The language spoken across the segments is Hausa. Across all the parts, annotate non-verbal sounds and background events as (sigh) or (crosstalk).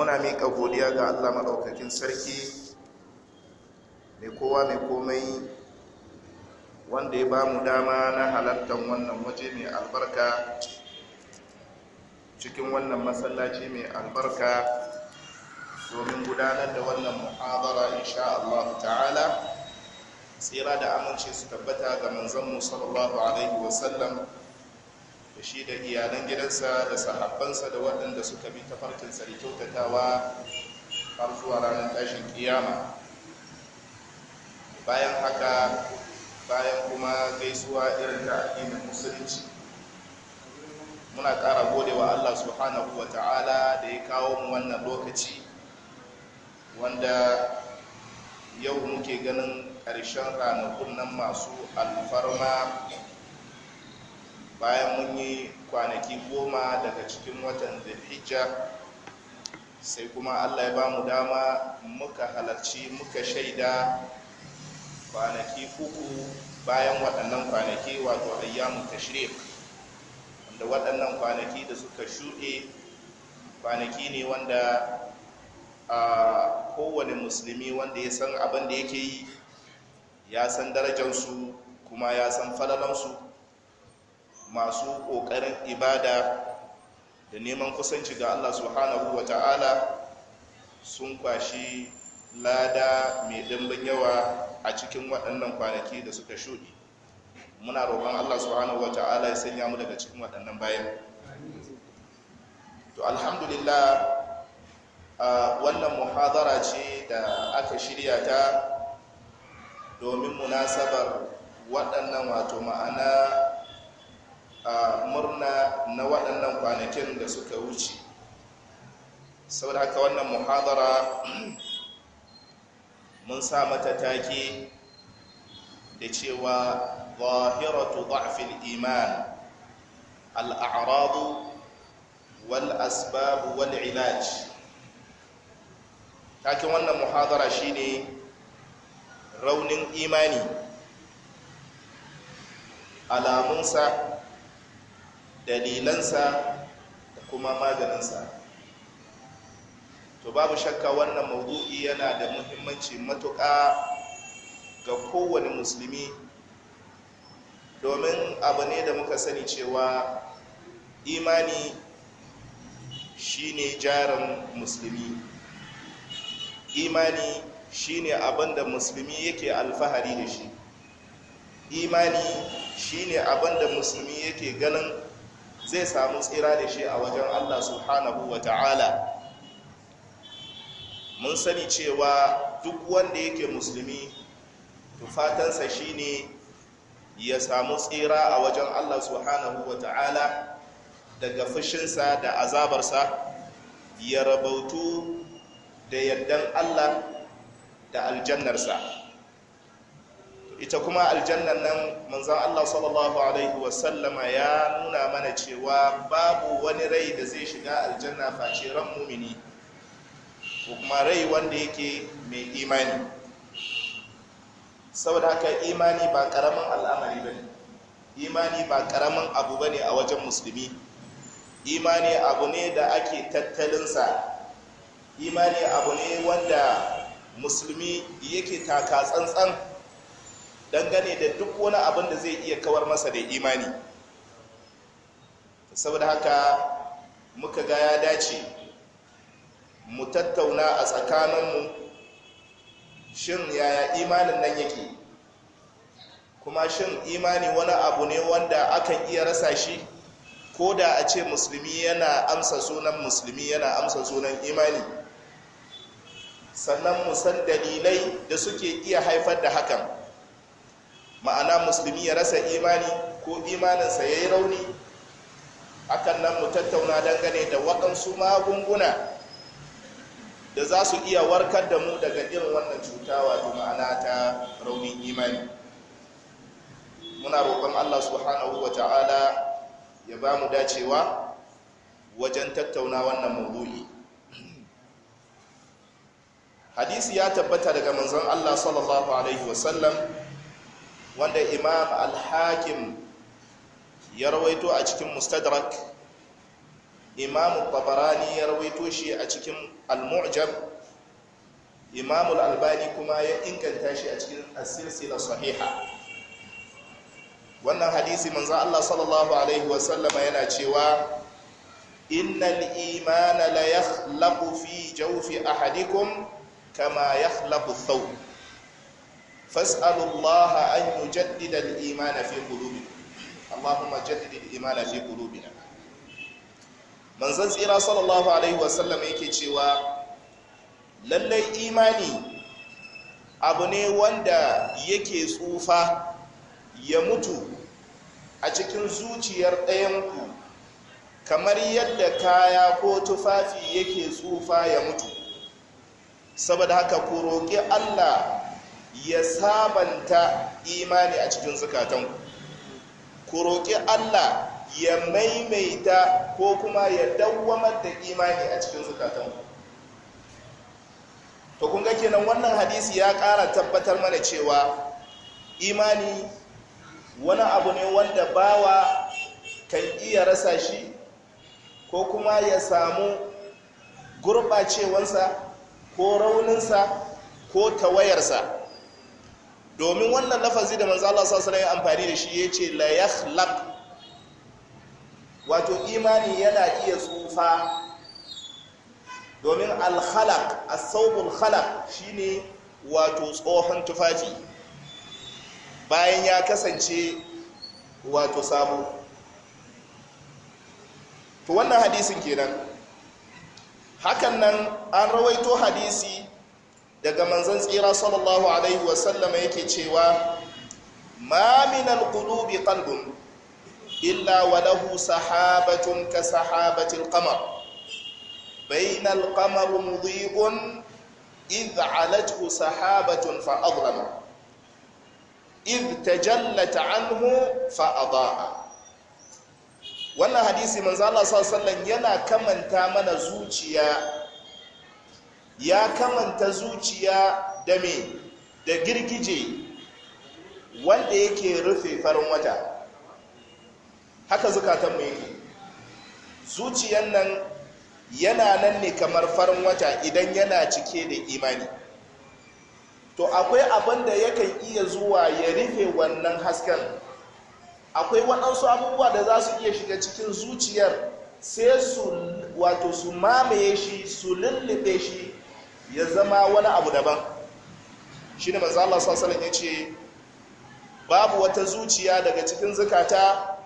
muna miƙa godiya ga allah maɗaukakin sarki mai kowa mai komai wanda ya ba mu dama na halartar wannan waje mai albarka cikin wannan masallaci mai albarka domin gudanar da wannan muhabara insha Allah ta'ala tsira da amince su tabbata ga manzanmu sallallahu alaihi wasallam da shi da iyalan gidansa da sahabbansa da waɗanda suka bi ta sa da kyautatawa har zuwa ranar tashin kiyama bayan haka bayan kuma gaisuwa irin ake da musulunci muna ƙara gode wa Allah subhanahu wa ta'ala da ya kawo mu wannan lokaci wanda yau muke ganin ƙarshen ranakun nan masu alfarma bayan mun yi kwanaki goma daga cikin watan zulhijja sai kuma allah ya ba mu dama muka halarci muka shaida kwanaki uku bayan waɗannan kwanaki wato ayyamun tashrik wanda waɗannan kwanaki da suka shuɗe kwanaki ne wanda a kowane musulmi wanda ya san abin da yake yi ya san darajansu, kuma ya san falalansu masu ƙoƙarin ibada da neman kusanci ga allah subhanahu wa ta'ala sun kwashi lada mai ɗimbin yawa a cikin waɗannan kwanaki da suka shuɗi muna roƙon allah subhanahu wa ta'ala ya sanya mu daga cikin waɗannan bayan to alhamdulillah wannan muhadara ce da aka shirya ta domin munasabar waɗannan wato ma'ana murna na waɗannan kwanakin da suka wuce saboda haka wannan muhadara (clears throat) mun sa mata take da cewa zahiratu da'fil iman al'aradu wal asbabu wal ilaj takin wannan muhadara shine raunin imani alamunsa dalilansa da kuma maganinsa to babu shakka wannan maudu'i yana da muhimmanci matuƙa ga kowane musulmi domin abu ne da muka sani cewa imani shine jarin musulmi imani shine abin da musulmi yake alfahari da shi imani shine abin da musulmi yake ganin zai samu tsira da shi a wajen Allah subhanahu wa ta'ala mun sani cewa duk wanda yake musulmi tufatansa shi ne ya samu tsira a wajen Allah subhanahu wa ta'ala daga fushinsa da azabarsa ya rabautu da yardan Allah da aljannarsa ita kuma aljannan nan manzan Allah sallallahu alaihi wasallama ya nuna mana cewa babu wani rai da zai shiga aljanna face ran mumini ko kuma rai wanda yake mai imani saboda haka imani ba karamin al'amari ba ne imani ba karamin abu ba ne a wajen musulmi imani abu ne da ake tattalinsa imani abu ne wanda musulmi yake taka tsantsan dangane da duk wani abin da zai iya kawar masa da imani saboda haka muka ga ya dace mu tattauna a tsakaninmu shin yaya imanin nan yake kuma shin imani wani abu ne wanda akan iya rasa shi ko da a ce musulmi yana amsa sunan musulmi yana amsa sunan imani sannan musan dalilai da suke iya haifar da hakan ma'ana musulmi ya rasa imani ko imaninsa ya yi rauni akan nan mu tattauna dangane da waɗansu magunguna da za su iya warkar da mu daga irin wannan cuta wato ma'ana ta raunin imani muna roƙon allah subhanahu wa ta'ala ya ba mu dacewa wajen tattauna wannan maudu'i hadisi ya tabbata daga manzon allah sallallahu alaihi wasallam wanda imam al-hakim ya rawaito a cikin mustadrak imam tabarani ya rawaito shi a cikin al-mu'jam imam al-albani kuma ya inganta shi a cikin as-silsila sahiha wannan hadisi manzo Allah sallallahu alaihi wasallam yana cewa innal imana la yakhlaqu fi jawfi ahadikum kama yakhlaqu thawb fas'alullaha an yujaddida al-iman fi qulubina Allahumma jaddid al-iman fi qulubina manzon tsira sallallahu alaihi wasallam yake cewa lallai imani abu ne wanda yake tsufa ya mutu a cikin zuciyar ɗayanku kamar yadda kaya ko tufafi yake tsufa ya mutu saboda haka ku roƙi Allah ya sabanta imani a cikin zukatanku ku roƙi Allah ya maimaita ko kuma ya dawwamar da imani a cikin zukatanku to kun ga kenan wannan hadisi ya ƙara tabbatar mana cewa imani wani abu ne wanda bawa kan iya rasa shi ko kuma ya samu gurɓacewansa ko rauninsa ko tawayarsa domin wannan lafazi da manzo Allah sallallahu alaihi amfani da shi yace la yakhlaq wato imani yana iya tsufa domin al-khalaq as-sawbul khalaq shine wato tsohon tufafi bayan ya kasance wato sabo to wannan hadisin kenan hakan nan an rawaito hadisi daga manzan tsira sallallahu alaihi wasallama yake cewa ma min alqulubi qalbun illa wa lahu sahabatun ka sahabati alqamar بين القمر مضيء إذ علته سحابة فأظلم إذ تجلت عنه فأضاء wannan hadisi manzo Allah sallallahu alaihi wasallam yana kamanta mana zuciya ya kamanta zuciya da me da girgije wanda yake rufe farin wata haka zukatanmu yake zuciyan nan yana nan ne kamar farin wata idan yana cike da imani to akwai abin da yakan iya zuwa ya rufe wannan hasken akwai waɗansu abubuwa da za su iya shiga cikin zuciyar sai su wato su mamaye shi su lullube shi ya zama wani abu daban shi ne manzo sassanin ya ce babu wata zuciya daga cikin zukata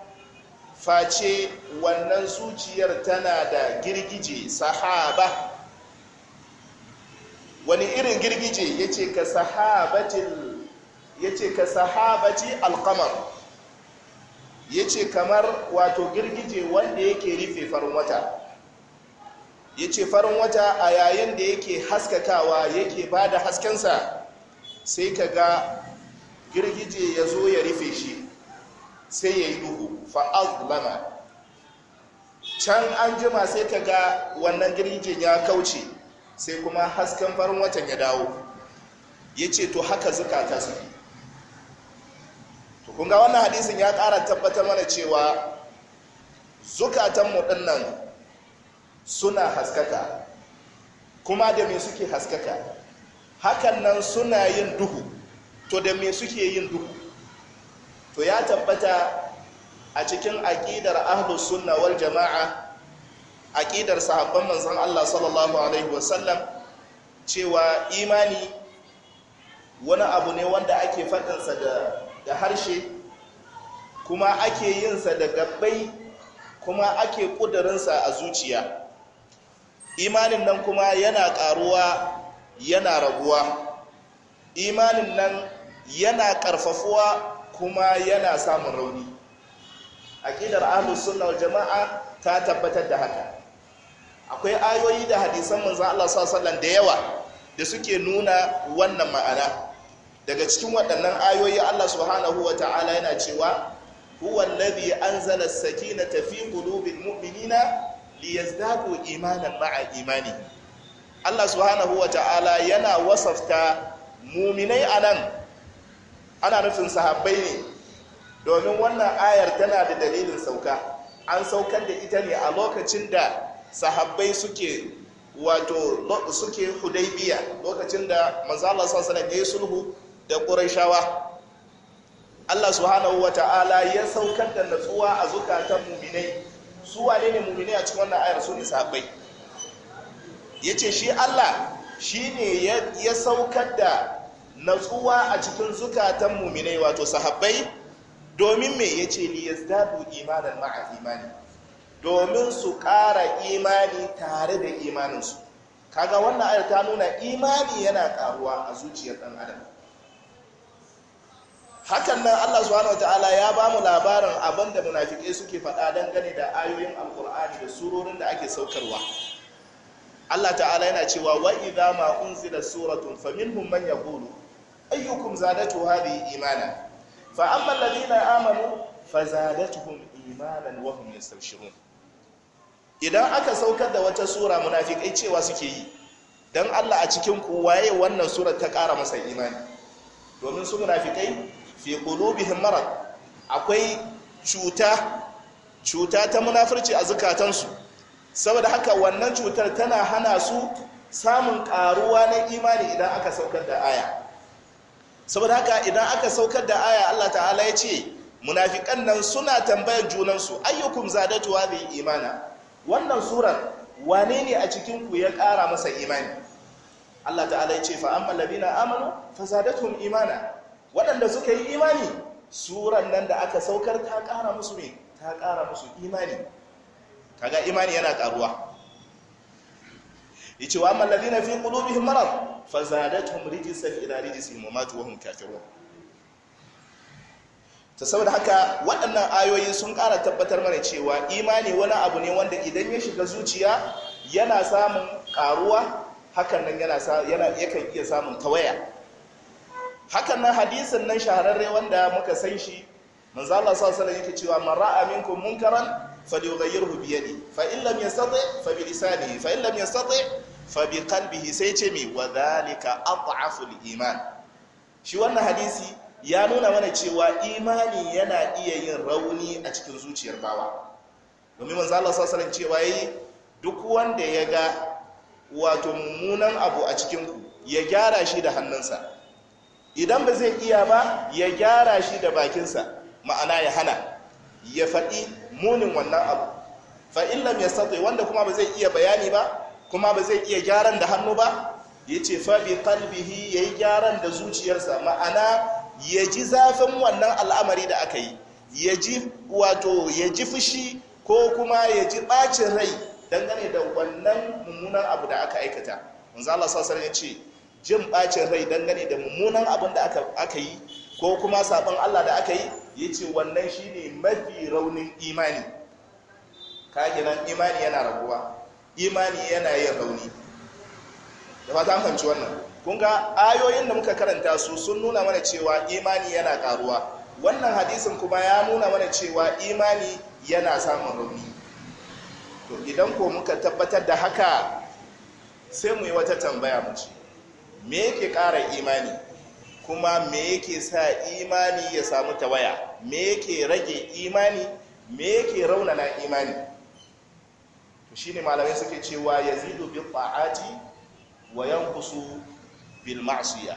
face wannan zuciyar tana da girgije sahaba wani irin girgije ya ce ka ya ce ka alkamar ya yace kamar wato girgije wanda yake rufe farin wata ya ce farin wata a yayin da yake haskakawa yake ba da haskensa sai ka ga girgije ya zo ya rufe shi sai ya yi duhu fa'azlama can an jima sai ka ga wannan girgijin ya kauce sai kuma hasken farin watan ya dawo ya ce to haka zukata su to kunga wannan hadisin ya kara tabbatar mana cewa mu ɗin nan suna haskaka kuma da me suke haskaka hakan nan suna yin duhu to da me suke yin duhu to ya tabbata a cikin aƙidar ahlus sunna wal jama'a aƙidar sahabban manzon Allah sallallahu alaihi wasallam cewa imani wani abu ne wanda ake faɗinsa da harshe kuma ake yinsa da gabbai kuma ake ƙudurinsa a zuciya imanin nan kuma yana ƙaruwa yana raguwa imanin nan yana ƙarfafuwa kuma yana samun rauni aƙidar ahlus sunna jama'a ta tabbatar da haka akwai ayoyi da hadisan manzon Allah sallallahu da yawa da suke nuna wannan ma'ana daga cikin waɗannan ayoyi Allah subhanahu wa ta'ala yana cewa huwa alladhi anzala as-sakinata fi qulubil mu'minina liyazdadu imanan ma'a imani Allah subhanahu wa ta'ala yana wasafta muminai anan ana nufin sahabbai ne domin wannan ayar tana da dalilin sauka an saukar da ita ne a lokacin da sahabbai suke wato suke hudaybiya lokacin da manzo Allah sallallahu alaihi sulhu da quraishawa Allah subhanahu wa ta'ala ya saukar da natsuwa a zukatan muminai su wane ne mummune a cikin wannan ayar su ne sabai ya ce shi allah shi ne ya saukar da natsuwa a cikin zukatan muminai wato sahabbai domin me ya ce ni ya yazdadu imanin ma'a imani domin su ƙara imani tare da imaninsu kaga wannan ayar ta nuna imani yana ƙaruwa a zuciyar ɗan adam hakan nan Allah subhanahu wataala ya ba mu labarin abin da munafikai suke faɗa don gani da ayoyin alkur'ani da surorin da ake saukarwa Allah ta'ala yana cewa wa idza ma unzila suratun faminhum man yaqulu ayyukum zadatu hadhihi imana fa amma alladhina amanu fazadatuhum imanan wa hum yastabshirun idan aka saukar da wata sura munafikai cewa suke yi dan Allah a cikin ku waye wannan sura ta ƙara masa imani domin su munafikai fi qulubihim marad akwai cuta cuta ta munafurci a zukatansu saboda haka wannan cutar tana hana su samun karuwa na imani idan aka saukar da aya saboda haka idan aka saukar da aya Allah ta'ala ya ce munafikan nan suna tambayar junansu ayyukum zadatu hadhihi imana wannan surar wane ne a cikin ku ya kara masa imani Allah ta'ala ya ce fa amma ladina amanu fa zadatuhum imana waɗanda suka yi imani suran nan da aka saukar ta ƙara musu ne ta ƙara musu imani kaga imani yana ƙaruwa yace wa mallabi na fi qulubihim marad fazadatuhum rijisar ila rijsihim wa matu wa hum ta saboda haka waɗannan ayoyi sun ƙara tabbatar mana cewa imani wani abu ne wanda idan ya shiga zuciya yana samun ƙaruwa hakan nan yana yakan iya samun tawaya hakan nan hadisin nan shahararre wanda muka san shi manzo Allah sallallahu alaihi yake cewa man ra'a minkum munkaran falyughayyirhu bi yadihi fa in lam yastati fa bi lisanihi fa in lam yastati fa bi qalbihi sai ce mi wa dhalika adhafu iman shi wannan hadisi ya nuna mana cewa imani yana iya yin rauni a cikin zuciyar bawa domin manzo Allah sallallahu alaihi cewa yayi duk wanda ya ga wato mummunan abu a cikin ku ya gyara shi da hannunsa idan ba zai iya ba ya gyara shi da bakinsa ma'ana ya hana ya faɗi munin wannan abu fa'in lam ya wanda kuma ba zai iya bayani ba kuma ba zai iya gyaran da hannu ba ya ce faɗi kalbihi ya yi gyaran da zuciyarsa ma'ana ya ji zafin wannan al'amari da aka yi ya ji wato ya ji fushi ko kuma ya ji ɓacin rai dangane da wannan mummunan abu da aka aikata manzo Allah ce jin bacin rai dangane da mummunan abin da aka yi ko kuma sabon Allah da aka yi ya ce wannan shi mafi raunin imani kaginan imani yana raguwa imani yana yin rauni da fata hanci wannan kun ga ayoyin da muka karanta su sun nuna mana cewa imani yana karuwa wannan hadisin kuma ya nuna mana cewa imani yana samun rauni to idan ko muka tabbatar da haka sai mu yi wata tambaya mu ce me yake ƙara imani kuma me yake sa imani ya samu tawaya me yake rage imani me yake raunana imani to shine malamai suke cewa yazidu bil ta'ati wa yanqusu bil ma'siya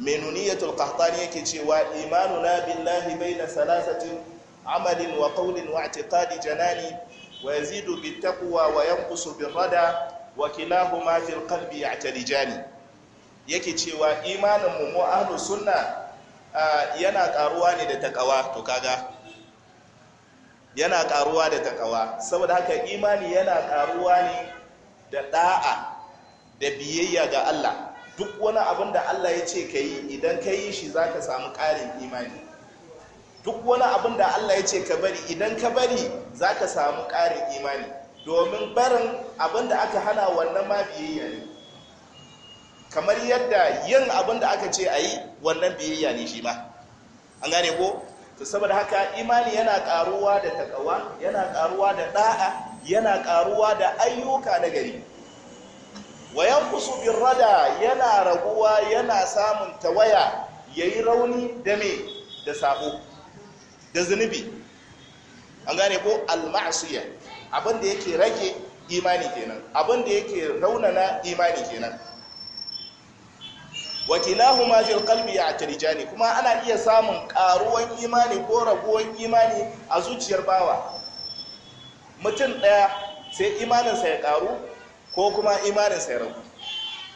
menuniyatul qahtani yake cewa imanu na billahi baina salasatin amalin wa qawlin wa i'tiqadi janani wa yazidu bit taqwa wa yanqusu bin rada wa kilahuma fil qalbi ya'tarijani yake cewa imanin mu mu ahlu sunna yana karuwa ne da takawa to kaga yana karuwa da takawa saboda haka imani yana karuwa ne da da'a da biyayya ga Allah duk wani abin da Allah ya ce ka idan ka yi shi za ka samu ƙarin imani duk wani abin da Allah ya ce ka bari idan ka bari zaka samu ƙarin imani domin barin abin da aka hana wannan ma biyayya ne kamar yadda yin abin da aka ce a yi wannan biyayya ne shi ma an gane ko to saboda haka imani yana karuwa da takawa yana karuwa da da'a yana karuwa da ayyuka na gari wa yanqusu birrada yana raguwa yana samun tawaya yayi rauni da me da sabo da zunubi an gane ko al-ma'siyah abin da yake rage imani kenan abin da yake raunana imani kenan ma fil qalbi ya'tarijani kuma ana iya samun karuwan imani ko raguwan imani a zuciyar bawa mutum daya sai imaninsa ya karu ko kuma imaninsa ya ragu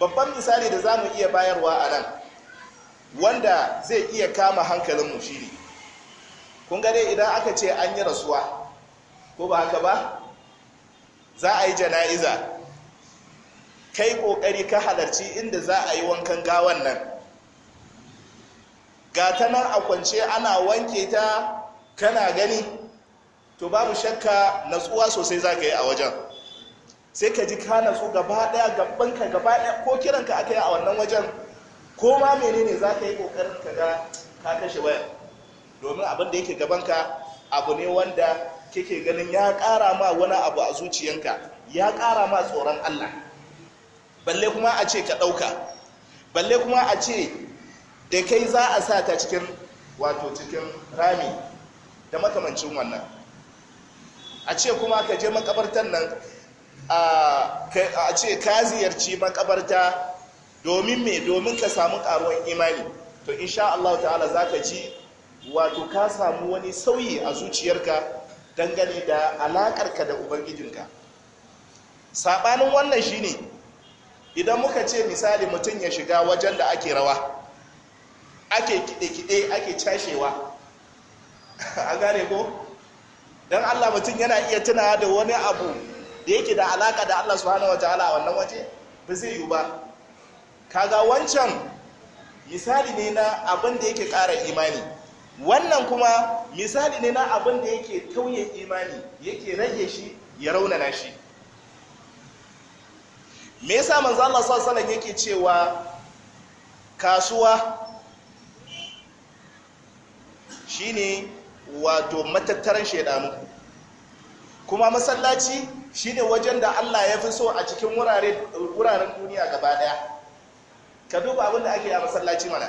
babban misali da zamu iya bayarwa a nan wanda zai iya kama hankalin mu shine kun ga dai idan aka ce an yi rasuwa ko ba haka ba za a yi jana'iza kai kokari ka halarci inda za a yi wankan gawan nan ga ta nan a kwance ana wanke ta kana gani to babu shakka natsuwa sosai za ka yi a wajen sai ka ji ka natsu gaba daya ka gaba daya ko kiranka aka yi a wannan wajen ko ma menene za ka yi kokarin ka ga ka kashe waya domin abin da yake ka, abu ne wanda kake ganin ya kara ma wani abu a zuciyanka ya kara ma tsoron allah balle kuma a ce ka ɗauka balle kuma a ce da kai za a sa ta cikin wato cikin rami da makamancin wannan a ce kuma ka je makabartar nan a ce ka ziyarci makabarta domin me domin ka samu karuwan imani to insha Allah ta'ala za ka ji wato ka samu wani sauyi a zuciyarka dangane da alakarka da ubangijinka saɓanin wannan shine ne idan muka ce misali mutum ya shiga wajen da ake rawa ake kide-kide ake cashewa a (laughs) gane ko don allah mutum yana iya tunawa da wani abu da yake da alaka da allah subhanahu wa ta'ala a wannan waje ba zai yi ba kaga wancan misali ne na abin da yake ƙara imani wannan kuma misali ne na abin da yake tauye imani yake rage shi ya raunana shi me yasa manzo Allah sallallahu alaihi wasallam yake cewa kasuwa shine wato matattaran shedanu kuma masallaci shine wajen da Allah ya fi so a cikin wuraren duniya gaba daya ka duba abin da ake a masallaci mana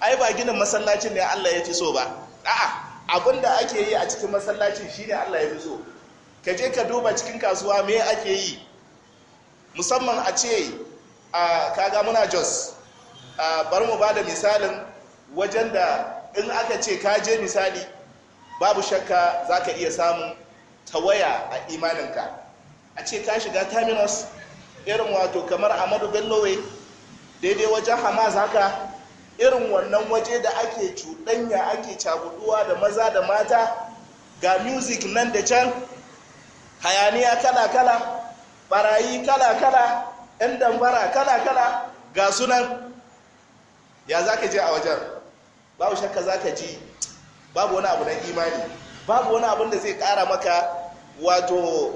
ai ba ginin masallacin ne Allah ya fi so ba a'a abin da ake yi a cikin masallacin shine Allah ya fi so ka je ka duba cikin kasuwa me ake yi musamman a ce kaga muna jos bar mu ba da misalin wajen da in aka ce ka je misali babu shakka za ka iya samun tawaya a imaninka a ce ka shiga terminus irin wato kamar amadu bellowe daidai wajen za haka irin wannan waje da ake cuɗanya ake cakuduwa da maza da mata ga music nan da can hayaniya kala-kala barayi kala-kala 'yan dambara kala-kala ga sunan ya za ka je a wajen babu shakka za ka ji babu wani abu na imani babu wani abin da zai kara maka wato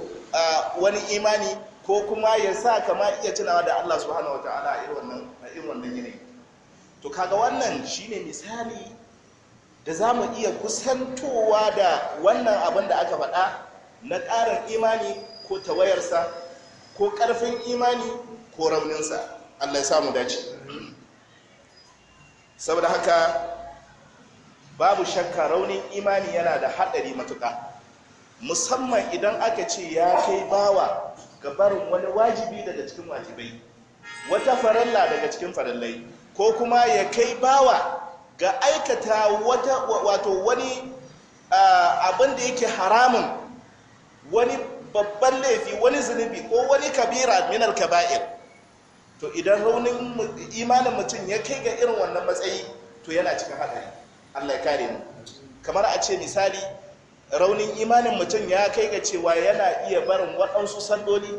wani imani ko kuma ya sa kama iya tunawa da Allah subhanahu wa ta'ala a irin wannan yanayi to kaga wannan shine misali da za mu iya kusantowa da wannan abin da aka faɗa na ƙarin imani ko tawayarsa ko karfin imani ko rauninsa allah ya samu dace saboda haka babu shakka raunin imani yana da haɗari matuƙa musamman idan aka ce ya kai bawa ga barin wani wajibi daga cikin wajibai wata faralla daga cikin farallai ko kuma ya kai bawa ga aikata wata wato wani ah, abin da yake haramun wani babban laifi wani zunubi ko wani kabira minal kaba'ir to idan raunin imanin mutum ya kai ga irin wannan matsayi to yana cikin haɗari allah ya kare mu kamar a ce misali raunin imanin mutum ya kai ga cewa yana iya barin waɗansu sandoli,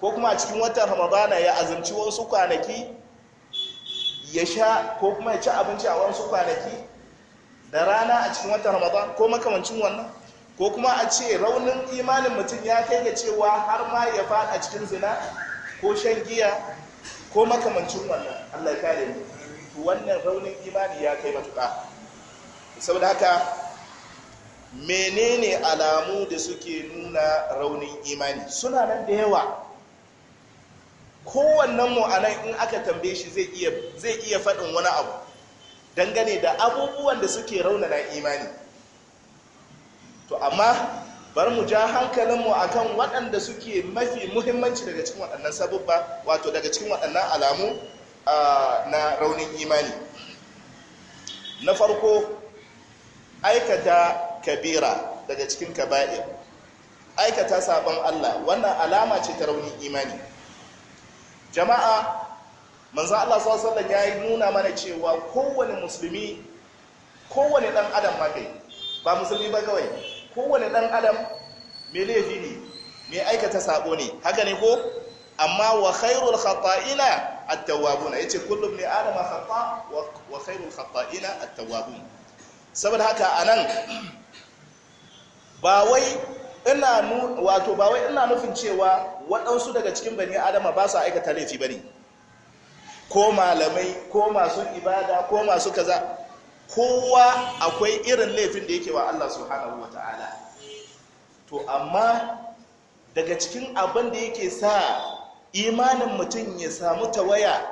ko kuma a cikin watan ramadana ya azumci wasu kwanaki ya sha ko kuma ya ci abinci a wasu kwanaki da rana a cikin watan ramadan ko makamancin wannan ko kuma a ce raunin imanin mutum ya kai ga cewa har ma ya faɗa cikin zina ko shan giya ko makamancin wannan allah ya kare mu to wannan raunin imani ya kai matuƙa saboda haka menene alamu da suke nuna raunin imani suna nan da yawa kowannen mu a nan in aka tambaye shi zai iya faɗin wani abu dangane da abubuwan da suke raunana imani to amma bar mu ja hankalinmu akan waɗanda suke mafi muhimmanci daga cikin waɗannan sabubba wato daga cikin waɗannan alamu na raunin imani na farko aikata kabira daga cikin kaba'ir aikata sabon Allah wannan alama ce ta raunin imani jama'a manzan Allah sallallahu ya yi nuna mana cewa kowane musulmi kowane ɗan adam ma ba musulmi ba kawai kowane ɗan adam mai laifi ne mai aikata saɓo ne haka ne ko amma wa khairul khata'ina at Ya yace kullum ne adama khata wa khairul khata'ina at-tawwabun saboda haka anan ba wato ba wai ina nufin cewa waɗansu daga cikin bani adama ba su aikata laifi bane ko malamai ko masu ibada ko masu kaza kowa akwai irin laifin da yake wa Allah subhanahu wa ta'ala to amma daga cikin abin da yake sa imanin mutum ya samu tawaya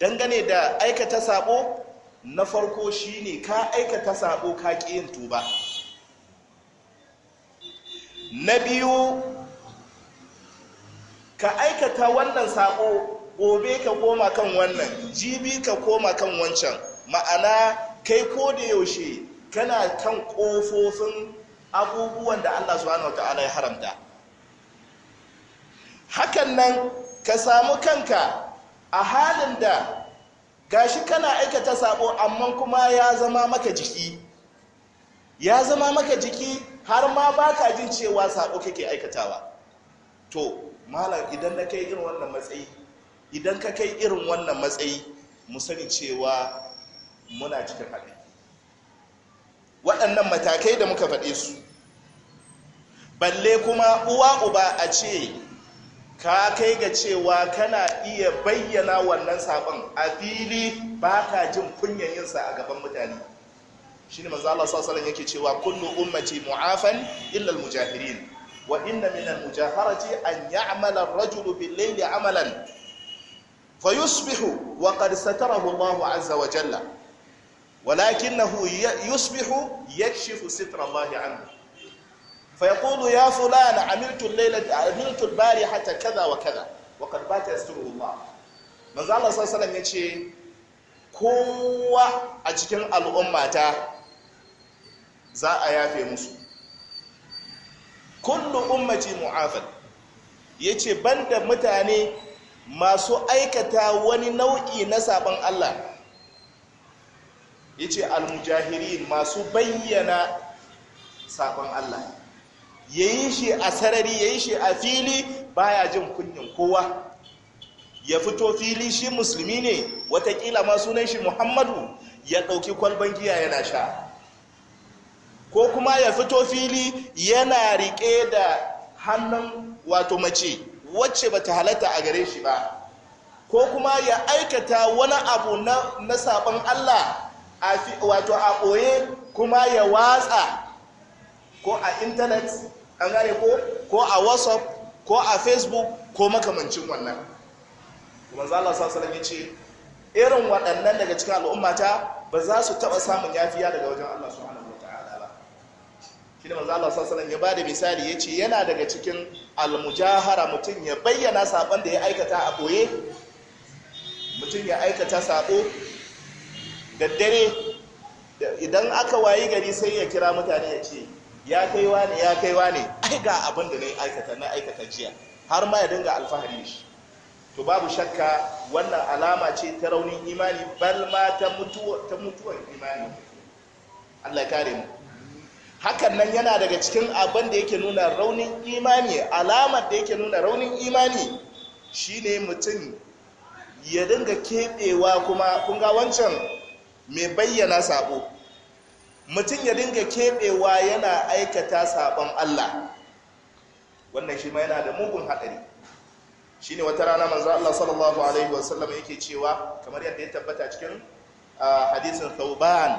dangane da aikata sabo na farko shine ka aikata sabo ka ƙi yin tuba na biyu ka aikata wannan sabo gobe ka koma kan wannan jibi ka koma kan wancan ma'ana kai ko da yaushe kana kan ƙofofin abubuwan da Allah subhanahu wata'ala ya haramta hakan nan ka samu kanka a halin da gashi kana aikata sabo amma kuma ya zama maka jiki ya zama maka jiki har ma ba ka jin cewa sabo kake aikatawa to malam idan na kai irin wannan matsayi idan ka kai irin wannan matsayi mu sani cewa muna cikin haɗe. waɗannan matakai da muka faɗe su balle kuma uwa uba a ce ka kai ga cewa kana iya bayyana wannan saɓon a fili ba ka jin kunyan yinsa a gaban mutane shi ne manzo sassanin yake cewa kullu ummati mu'afan illal mujahirin wa inna minan mujaharati an yi amalan rajulu bil 'amalan fayusbihu wa qad satarahu Allah 'azza wa jalla ولكنه يصبح يكشف ستر الله عنه فيقول يا فلان عملت الليلة عملت البارحة كذا وكذا وقد بات يستره الله manzo Allah sallallahu alaihi yace kowa a cikin al'ummata za a yafe musu kullu ummati mu'afal yace banda mutane masu aikata wani nau'i na saban Allah yace al masu bayyana sabon Allah Ya yi shi a sarari ya yi shi a fili baya jin kunyin kowa ya fito fili shi musulmi ne watakila ma sunan shi muhammadu ya ɗauki kwalban giya yana sha ko kuma ya fito fili yana riƙe da hannun wato mace wacce ba ta halatta a gare shi ba ko kuma ya aikata wani abu na, na sabon allah wato a ɓoye kuma ya watsa ko a intanet an gane ko ko a whatsapp ko a facebook ko makamancin wannan kuma a sa ya ce irin waɗannan daga cikin al'ummata ba za su taɓa samun yafiya daga wajen allah su hana wata'ala ba shi da manzo allah sasalam ya da misali ya ce yana daga cikin almujahara mutum ya bayyana saɓon da ya aikata a ɓoye mutum ya aikata saɓo daddare idan aka wayi gari sai ya kira mutane ya ce ya kai ne ya kai ne ai ga abin da na aikata na aikata jiya har ma ya dinga alfahari shi to babu shakka wannan alama ce ta raunin imani bal ma ta mutuwar imani Allah kare mu hakan nan yana daga cikin abin da yake nuna raunin imani alamar da yake nuna raunin imani shine mutum ya dinga keɓewa kuma kun ga wancan mai bayyana sabo mutum ya dinga keɓewa yana aikata sabon Allah wannan shi ma yana da mugun haɗari shi ne wata rana manzo Allah sallallahu alaihi wasallam yake cewa kamar yadda ya tabbata cikin hadisin thauban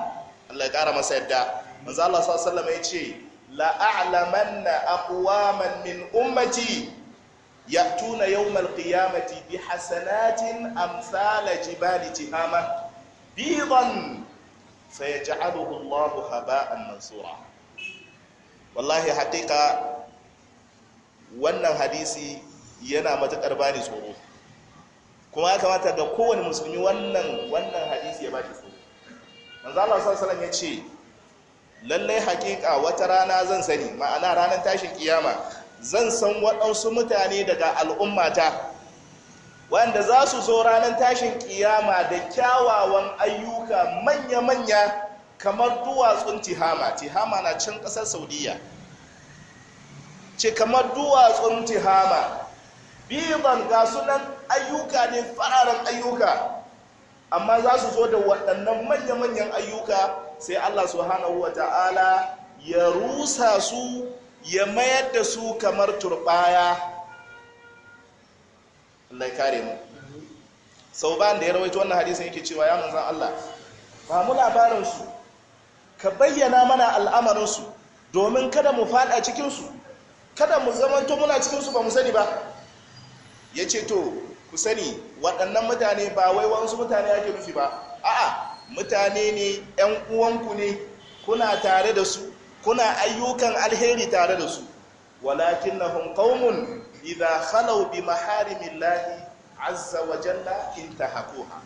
Allah ya ƙara masa yadda manzo Allah sallallahu alaihi wasallam ya ce la'a'lamanna aqwaman min ummati ya'tuna yawmal qiyamati bi hasanatin amsal jibali tihama bidan sayaj'aluhu Allahu haba'an mansura wallahi haƙiƙa wannan hadisi yana matuƙar bani tsoro kuma ya kamata ga kowane musulmi wannan wannan hadisi ya ba shi tsoro manzo Allah ya ce lallai haƙiƙa wata rana zan sani ma'ana ranar tashin kiyama zan san waɗansu mutane daga al'ummata wanda za su zo ranar tashin kiyama da kyawawan ayyuka manya-manya kamar duwatsun tihama tihama na can ƙasar saudiya ce kamar duwatsun tihama biban ga sunan ayyuka ne fararen ayyuka amma za su zo da waɗannan manya-manyan ayyuka sai allah subhanahu wa ta'ala ya rusa su ya mayar da su kamar turbaya Allah ya kare mu ba da ya rawaito wannan hadisun yake cewa ya manzan Allah ba mu labaransu ka bayyana mana al'amarinsu domin kada mu fada cikinsu, kada mu zamanto muna cikinsu ba mu sani ba Ya ce to ku sani waɗannan mutane ba wai wasu mutane ake nufi ba a'a mutane ne 'yan uwanku ne kuna tare da su kuna ayyukan alheri tare da su na qaumun idza khalaw bi maharimillahi azza wa jalla intahaquha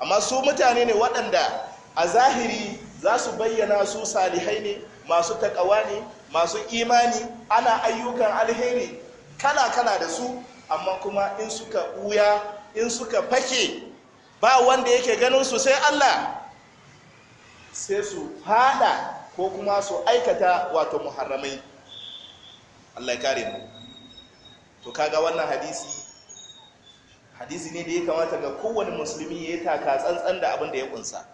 amma su mutane ne waɗanda a zahiri za su bayyana su salihai ne masu taƙawa ne masu imani ana ayyukan alheri kala-kala da su amma kuma in suka ɓuya in suka fake ba wanda yake ganin su sai Allah sai su fada ko kuma su aikata wato muharramai Allah ya kare mu to kaga wannan hadisi hadisi ne da ya kamata ga kowane musulmi ya yi taka tsantsan da abin da ya kunsa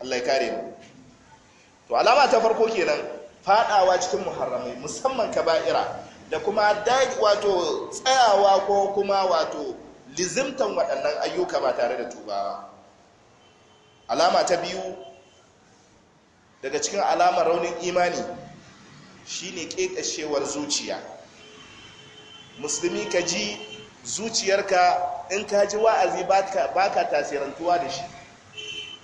Allah kare mu to alama ta farko kenan fadawa cikin muharramai musamman kaba'ira da kuma wato tsayawa ko kuma wato lizimtan waɗannan ayyuka ba tare da tuba. alama ta biyu daga cikin alamar raunin imani shine ƙeƙashewar zuciya musulmi ka ji zuciyarka in ka ji wa'azi ba ka tasirantuwa da shi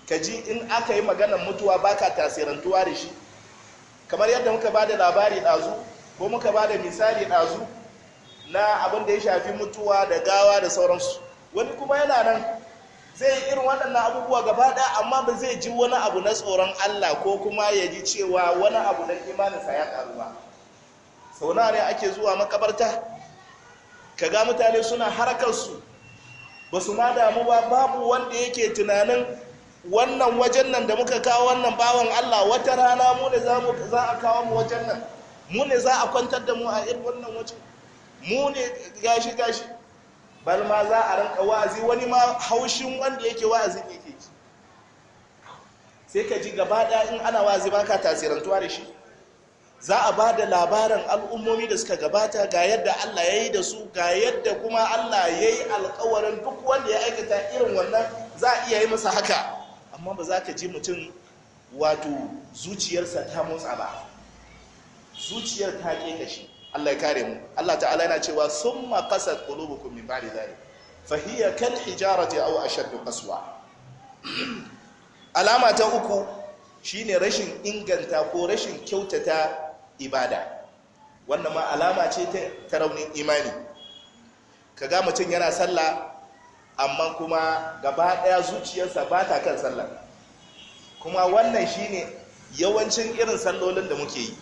ka ji in aka yi maganar mutuwa ba ka tasirantuwa da shi kamar yadda muka ba da labari ɗazu ko muka ba da misali ɗazu na abin da ya shafi mutuwa da gawa da sauransu wani kuma yana nan zai yi irin waɗannan abubuwa gaba ɗaya amma ba zai ji wani abu na tsoron allah ko kuma ya ji cewa wani abu na sa ya ƙaru ba sau nawa ne ake zuwa makabarta kaga mutane suna harakarsu ba su ma damu ba babu wanda yake tunanin wannan wajen nan da muka kawo wannan bawan Allah wata rana mu ne za a kawo mu wajen nan mu ne za a kwantar da mu a irin wannan wajen mu ne gashi gashi bal ma za a rinka wa'azi wani ma haushin wanda yake wa'azi yake sai ka ji gaba ɗaya in ana wa'azi ba ka tasirantuwa da shi za a ba da labarin al'ummomi da suka gabata ga yadda Allah ya yi da su ga yadda kuma Allah ya yi alkawarin duk wanda ya aikata irin wannan za a iya yi masa haka amma ba za ka ji mutum wato zuciyarsa ta motsa ba zuciyar ta kekashi Allah ya kare mu Allah ta'ala yana cewa sun makasar kulubukum min ba'di dhalik fa hiya kal hijarati a ashaddu kasuwa. alama ta uku shine rashin inganta ko rashin kyautata ibada wannan ma alama ce ta raunin imani ka ga mutum yana sallah amma kuma gaba daya zuciyarsa ba ta kan sallah kuma wannan shine yawancin irin sallolin da muke yi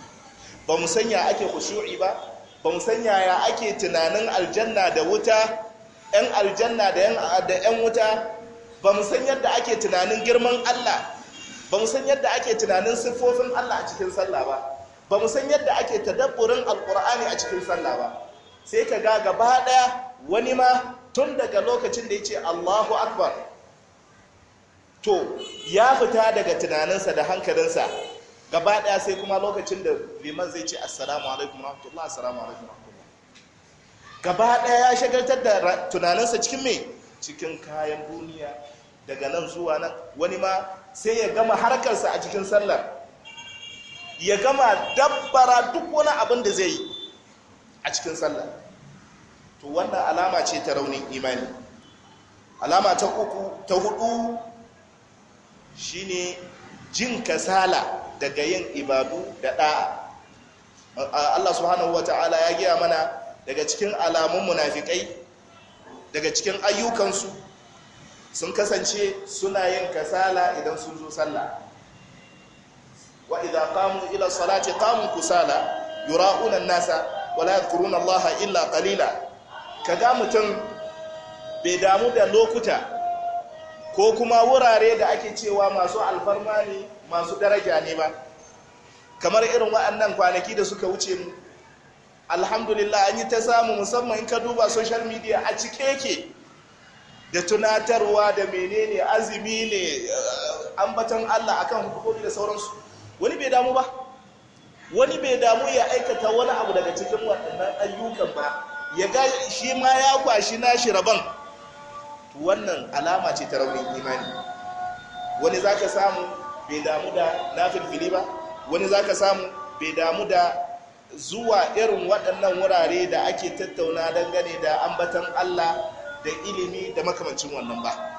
ba mu sanya ake kushu'i ba ba mu sanya ya ake tunanin aljanna da wuta yan aljanna da yan wuta ba mu san yadda ake tunanin girman allah ba mu san yadda ake tunanin siffofin allah a cikin sallah ba ba mu san yadda ake tadabburin alkur'ani a cikin sallah ba sai ka ga gaba daya wani ma tun daga lokacin da ya ce allahu akbar to ya fita daga tunaninsa da hankalinsa gaba daya sai kuma lokacin da liman zai ce assalamu alaikum rahmatullah assalamu alaikum rahmatullah gaba daya ya shagaltar da tunaninsa cikin me cikin kayan duniya daga nan zuwa nan wani ma sai ya gama harkarsa a cikin sallar ya gama dabbara duk wani abin da zai yi a cikin sallah to wannan alama ce ta raunin imani alama ta uku ta hudu shine jin kasala daga yin ibadu da da'a Allah subhanahu wata'ala ya giya mana daga cikin alamun munafikai daga cikin ayyukansu sun kasance suna yin kasala idan sun zo sallah wa idza qamu ila salati qamu kusala yura'una an-nasa wa la yadhkuruna Allah illa qalila kaga mutum bai damu da lokuta ko kuma wurare da ake cewa masu alfarma ne masu daraja ne ba kamar irin waɗannan kwanaki da suka wuce mu alhamdulillah an yi ta samu musamman in ka duba social media a cike yake da tunatarwa da menene azumi ne ambaton Allah akan hukumomi da sauransu wani bai damu ba wani bai damu ya aikata wani abu daga cikin waɗannan ayyukan ba ya ga shi ma ya kwashi na shi rabon wannan alama ce ta raunin imani wani za ka samu bai damu da nafilfili ba wani za ka samu bai damu da zuwa irin waɗannan wurare da ake tattauna dangane da ambatan Allah da ilimi da makamancin wannan ba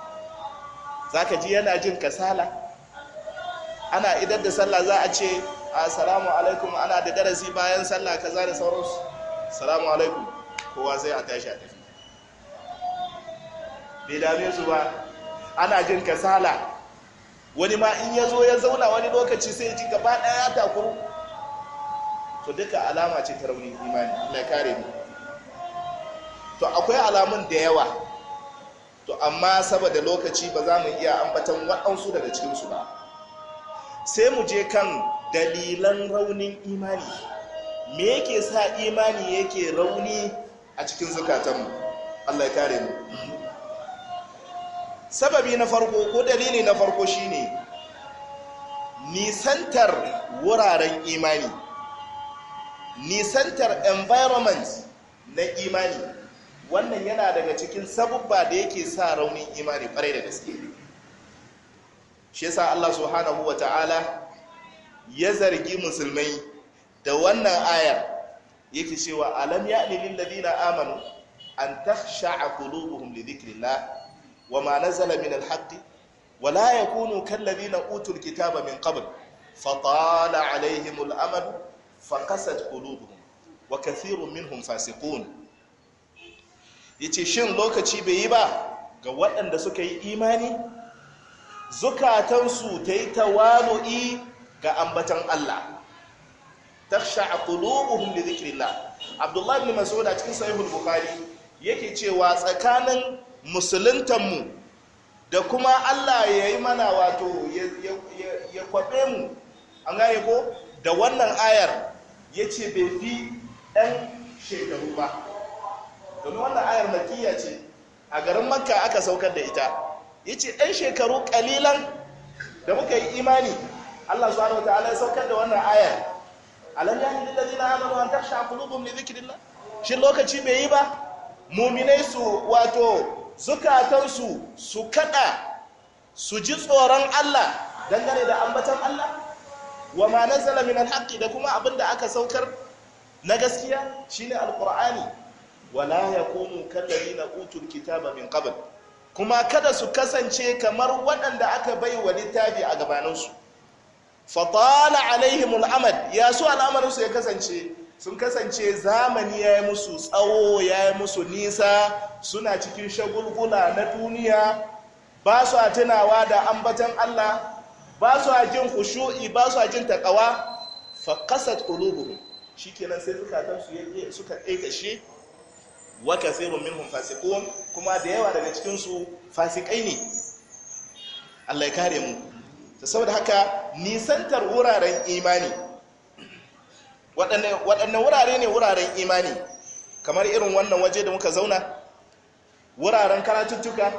za ka ji yana jin kasala ana idar da sallah za a ce assalamu alaikum ana da darasi bayan sallah kaza da sauransu assalamu alaikum kowa sai a tashi a tafi bai dame su ba ana jin kasala wani ma in ya zo ya zauna wani lokaci sai ji gaba ɗaya ya takuru to duka alama ce ta rauni, imani na kare ni to akwai alamun da yawa to amma saboda lokaci ba za mu iya ambatan waɗansu daga cikinsu ba sai mu je kan dalilan raunin imani me yake sa imani yake rauni a cikin zukatanmu allah kare mu sababi na farko ko dalili na farko shine nisantar wuraren imani nisantar environment na imani wannan yana daga cikin sabubba da yake sa raunin imani kwarai da gaske shi yasa Allah subhanahu wata'ala ya zargi musulmai da wannan ayar yake cewa alam ya'ni lil ladina amanu an takhsha'a qulubuhum li dhikrillah wama nazala min al haqq ولا يكونوا كالذين اوتوا الكتاب من قبل فطال عليهم الامد فقست wa وكثير minhum فاسقون yace shin lokaci bai yi ba ga waɗanda suka yi imani zukatansu ta yi tawalu'i ga ambatan Allah ta a qulubuhum li dhikrillah abdullahi ibn Mas'ud a cikin sahihul bukari yake cewa tsakanin musuluntanmu da kuma Allah ya yi mana wato ya kwaɓe mu an gane ko da wannan ayar ya ce bai fi ɗan shekaru ba domin wannan ayar makiyya ce a garin makka aka saukar da ita ya ɗan shekaru ƙalilan da muka yi imani Allah subhanahu wa ya saukar da wannan ayar alam ya hidin da zina amanu an tasha kulubum li zikirillah shi lokaci bai yi ba muminai su wato zukatansu su kada su ji tsoron Allah dangane da ambatan Allah wa ma nazala min da kuma abin da aka saukar na gaskiya shine alqur'ani wala yakunu kallazina utul kitaba min qabl kuma kada su kasance kamar waɗanda aka bai wa littafi a gabaninsu fatala alaihim al'amad ya su al'amarinsu ya kasance sun kasance zamani ya yi musu tsawo ya yi musu nisa suna cikin shagulgula na duniya ba su a tunawa da ambatan allah ba su a jin kushu'i ba su a jin takawa kasar ƙulubu shi kenan sai zukatansu suka shi. wa kathirun minhum fasiqun kuma da yawa daga cikin fasikai ne Allah ya kare mu saboda haka nisantar wuraren imani waɗannan wurare ne wuraren imani kamar irin wannan waje da muka zauna wuraren karatuttuka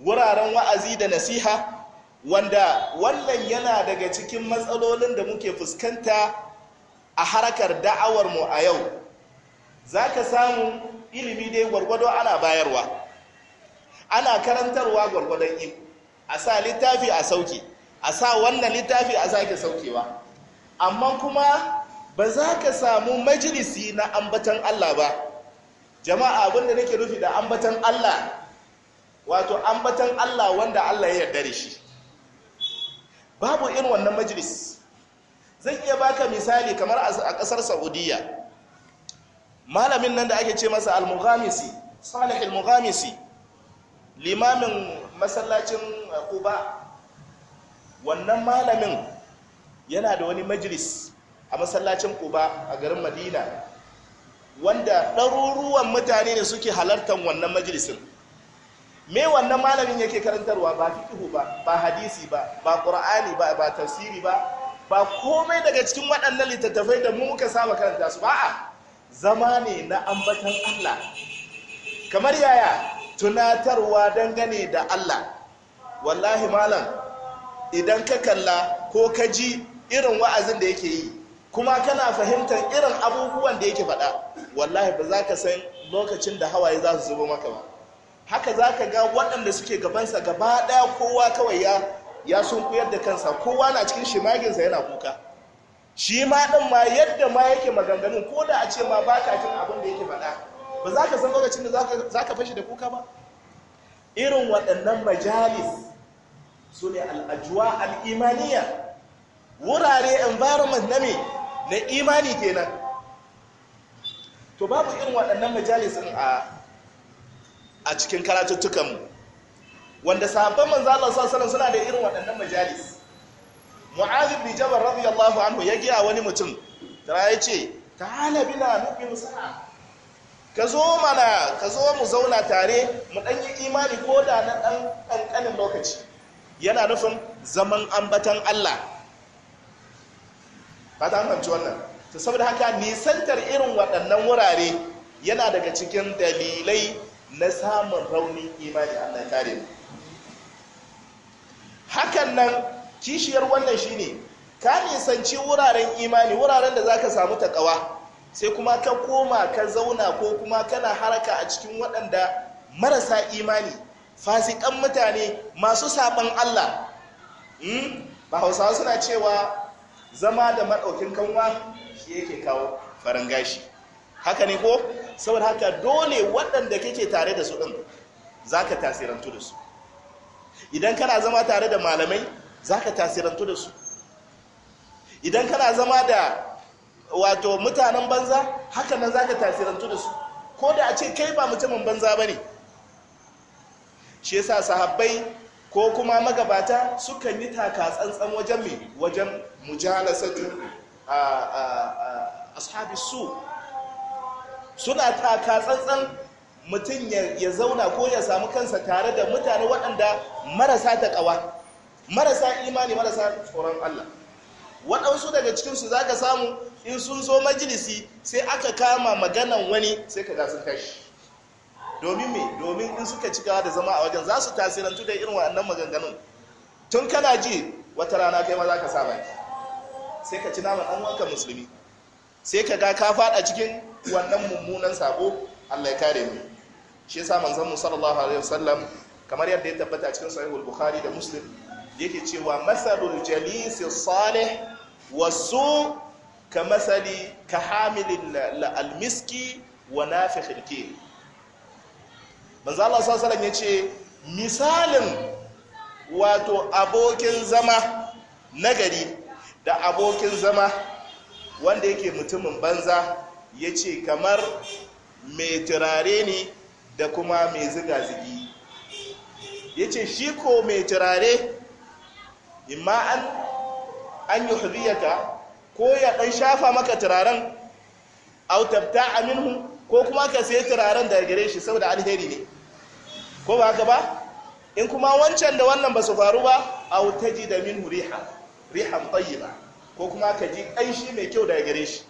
wuraren wa'azi da nasiha wanda wannan yana daga cikin matsalolin da muke fuskanta a harkar da'awar mu a yau za ka samu ilimi dai gwargwado ana bayarwa ana karantarwa gwargwadon yi a sa littafi a sauke a sa wannan littafi a sake saukewa amma kuma ba za ka samu majalisi na ambatan Allah ba jama'a abinda nake rufi da ambatan Allah wato ambatan Allah wanda Allah ya yarda da shi babu irin wannan majalisi zan iya baka misali kamar a ƙasar Saudiyya. malamin nan da ake ce masa al-mughamisi salih al-mughamisi limamin masallacin quba wannan malamin yana da wani majlis a masallacin quba a garin madina wanda ɗaruruwan mutane ne suke halartar wannan majalisin me wannan malamin yake karantarwa ba fiqhu ba ba hadisi ba ba qur'ani ba ba tafsiri ba ba komai daga cikin waɗannan littattafai da mu muka saba karanta su ba a zama ne na ambatan Allah kamar yaya tunatarwa dangane da Allah wallahi malam idan ka kalla ko ka ji irin wa'azin da yake yi kuma kana fahimtar irin abubuwan da yake faɗa wallahi ba za ka san lokacin da hawaye za su zubo maka ba haka za ka ga waɗanda suke gabansa gaba ɗaya kowa kawai ya sunkuyar da kansa kowa na cikin shimaginsa yana kuka shi ma ɗin ma yadda ma yake maganganun ko da a ce ma ba ka jin abin da yake faɗa ba za ka san lokacin da za ka fashe da kuka ba irin waɗannan majalis su ne al'ajuwa al'imaniya wurare environment na me na imani kenan to babu irin waɗannan majalis a cikin karatuttukanmu wanda sahabban manzalar sassanin suna da irin waɗannan majalis mu'adhib bin jabal radiyallahu anhu ya giya wani mutum tara ya ce ta'ala bina nufin sa'a ka zo mana ka zo mu zauna tare mu dan yi imani ko da na dan kankanin lokaci yana nufin zaman ambatan Allah ba ta hanci wannan to saboda haka nisantar irin waɗannan wurare yana daga cikin dalilai na samun raunin imani Allah kare mu hakan nan kishiyar wannan shine ka nisanci wuraren imani wuraren da zaka samu takawa sai kuma ka koma ka zauna ko kuma kana haraka a cikin waɗanda marasa imani fasikan mutane masu saban Allah hmm? ba hausawa suna cewa zama da maɗaukin kanwa shi yake kawo farin gashi haka ne ko saboda haka dole waɗanda kake tare da su ɗin za ka tasirantu da su idan kana zama tare da malamai za ka tasirantu da su idan kana zama da wato mutanen banza haka nan za ka tasirantu da su ko da a ce kai ba mutumin banza ba ne shi yasa sahabbai ko kuma magabata sukan yi taka tsantsan wajen mai wajen a ashabi su suna taka tsantsan mutum ya zauna ko ya samu kansa tare da mutane waɗanda marasa taƙawa marasa imani marasa tsoron Allah waɗansu daga cikinsu za ka samu in sun zo majalisi sai aka kama maganan wani sai ka ga sun tashi domin me domin in suka ci gaba da zama a wajen za su tasirantu da irin waɗannan maganganun tun kana ji wata rana kai ma za ka sa sai ka ci naman an wanka musulmi sai ka ga ka faɗa cikin wannan mummunan sabo Allah ya kare mu shi yasa manzon mu sallallahu alaihi wasallam kamar yadda ya tabbata cikin sahihul bukhari da muslim yake cewa masalul jalisi salih wasu ka masali ka hamilin la'almiski wa nafi hilke manzala sassalam ya ce misalin wato abokin zama nagari da abokin zama wanda yake mutumin banza ya ce kamar mai turare ne da kuma mai ziga-zigi ya ce shi ko mai turare imma an an hudiyata ko ya dan shafa maka turaren Autabta tabta'a minhu ko kuma ka sai turaren da gare shi saboda alheri ne ko ba haka ba in kuma wancan da wannan ba su faru ba aw da minhu riha rihan tayyiba ko kuma ka ji kanshi mai kyau da gare shi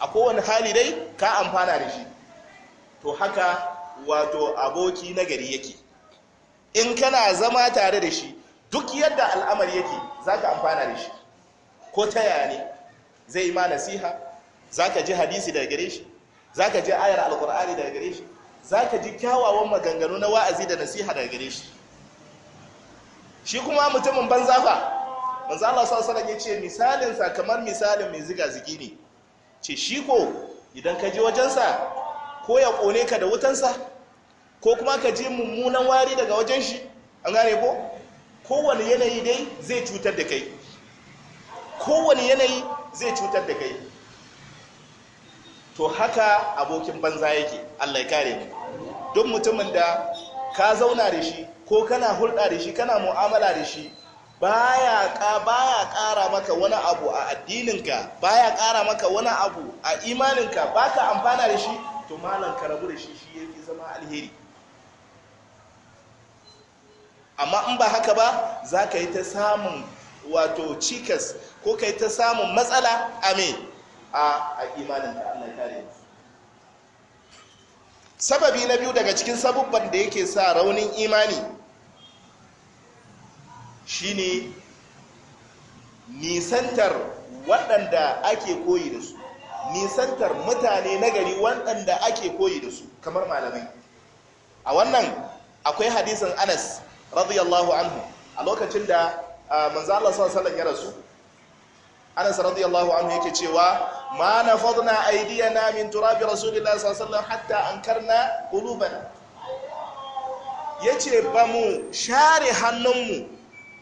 a kowane hali dai ka amfana da shi to haka wato aboki na gari yake in kana zama tare da shi duk yadda al'amari yake za ka amfana da shi ko ta yaya ne zai yi ma nasiha za ka ji hadisi daga gare shi za ka ji ayar alkur'ani daga gare shi za ka ji kyawawan maganganu na wa'azi da nasiha daga gare shi shi kuma mutumin banza fa banza Allah sallallahu alaihi wasallam ce misalin sa kamar misalin mai ziga zigi ne ce shi ko idan ka ji wajensa ko ya kone ka da wutansa ko kuma ka ji mummunan wari daga wajen shi an gane ko kowane yanayi dai zai cutar da kai kowane yanayi zai cutar da kai to haka abokin banza yake allah kare mu don mutumin da ka zauna da shi ko kana hulɗa da shi kana mu'amala da shi baya ka baya ƙara maka wani abu a addininka baya ƙara maka wani abu a imaninka baka amfana da shi to malam ka rabu da shi shi yake zama alheri amma in ba haka ba za ka yi ta samun wato cikas ko ka yi ta samun matsala amin a imanin ka Allah kare sababi na biyu daga cikin sabubban da yake sa raunin imani shine nisantar waɗanda ake koyi da su nisantar mutane nagari gari waɗanda ake koyi da su kamar malamai a wannan akwai hadisin anas radiyallahu anhu a lokacin da ah, manzo Allah sallallahu ya rasu Anas radiyallahu anhu yake cewa ma na nafadna aydiyana min turabi rasulillahi sallallahu alaihi wasallam hatta ankarna ya ce ba mu share hannunmu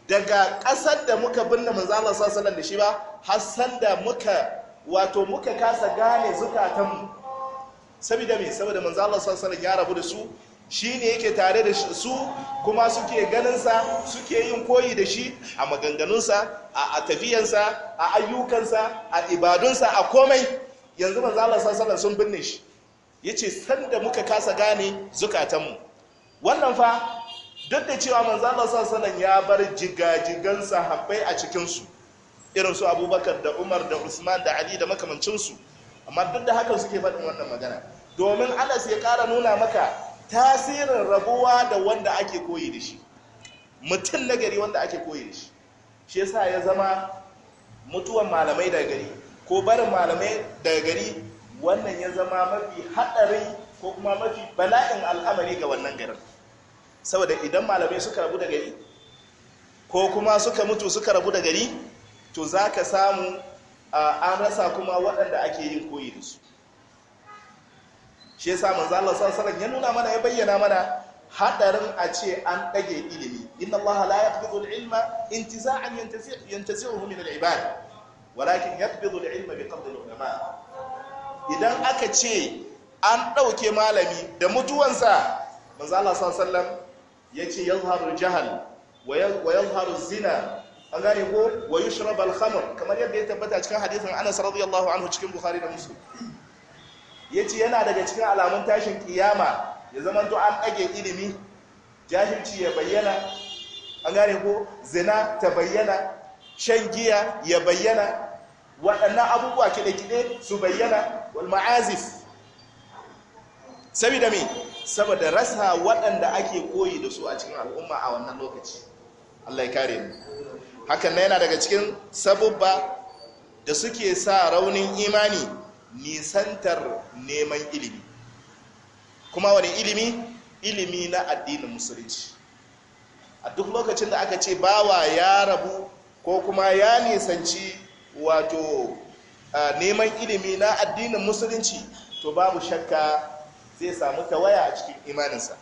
daga ƙasar da muka binne manzo Allah sallallahu da shi ba har da muka wato muka kasa gane zukatanmu saboda me saboda manzo Allah sallallahu ya rabu da su shi ne yake tare da su kuma suke ganinsa suke yin koyi da shi a maganganunsa a tafiyansa a ayyukansa a ibadunsa a komai yanzu manzala sassanan sun binne shi ya ce sanda muka kasa gane zukatanmu wannan fa duk da cewa manzala sassanan ya bar jigajigansa haɓai a cikinsu irin su abubakar da umar da usman da ali da makamancinsu amma duk da hakan suke faɗin wannan magana domin anas ya ƙara nuna maka tasirin rabuwa da wanda ake koyi da shi mutum na gari wanda ake koyi da shi shi yasa ya zama mutuwan malamai daga gari ko barin malamai daga gari wannan ya zama mafi haɗari, ko kuma mafi bala'in al'amari ga wannan garin saboda idan malamai suka rabu da gari ko kuma suka mutu suka rabu da gari to za ka samu an rasa kuma waɗanda ake yin koyi da su shi yasa manzo Allah sallallahu ya nuna mana ya bayyana mana hadarin a ce an dage ilimi inna Allah la yaqbidu al-ilma intiza'an yantazi'uhu min al-ibad walakin yaqbidu al-ilma bi qabdi al-ulama idan aka ce an dauke malami da mutuwansa manzo Allah sallallahu yace yazharu jahal wa yazharu zina an gane ko wa yushrab al-khamr kamar yadda ya tabbata cikin hadisin Anas radiyallahu anhu cikin Bukhari da Muslim ya ce yana daga cikin alamun tashin kiyama ya zamanto an ɗage ilimi jahilci ya bayyana an gane ko zina ta bayyana shan giya ya bayyana waɗannan abubuwa kiɗe-kiɗe su bayyana wal ma'azif saboda me saboda rasa waɗanda ake koyi da su a cikin al'umma a wannan lokaci allai kare hakan na yana daga cikin sabubba da suke sa raunin imani nisantar neman ilimi kuma wani ilimi ilimi na addinin musulunci a duk lokacin da aka ce bawa ya rabu ko kuma ya nisanci wato neman ilimi na addinin musulunci to babu shakka zai samu tawaya a cikin imaninsa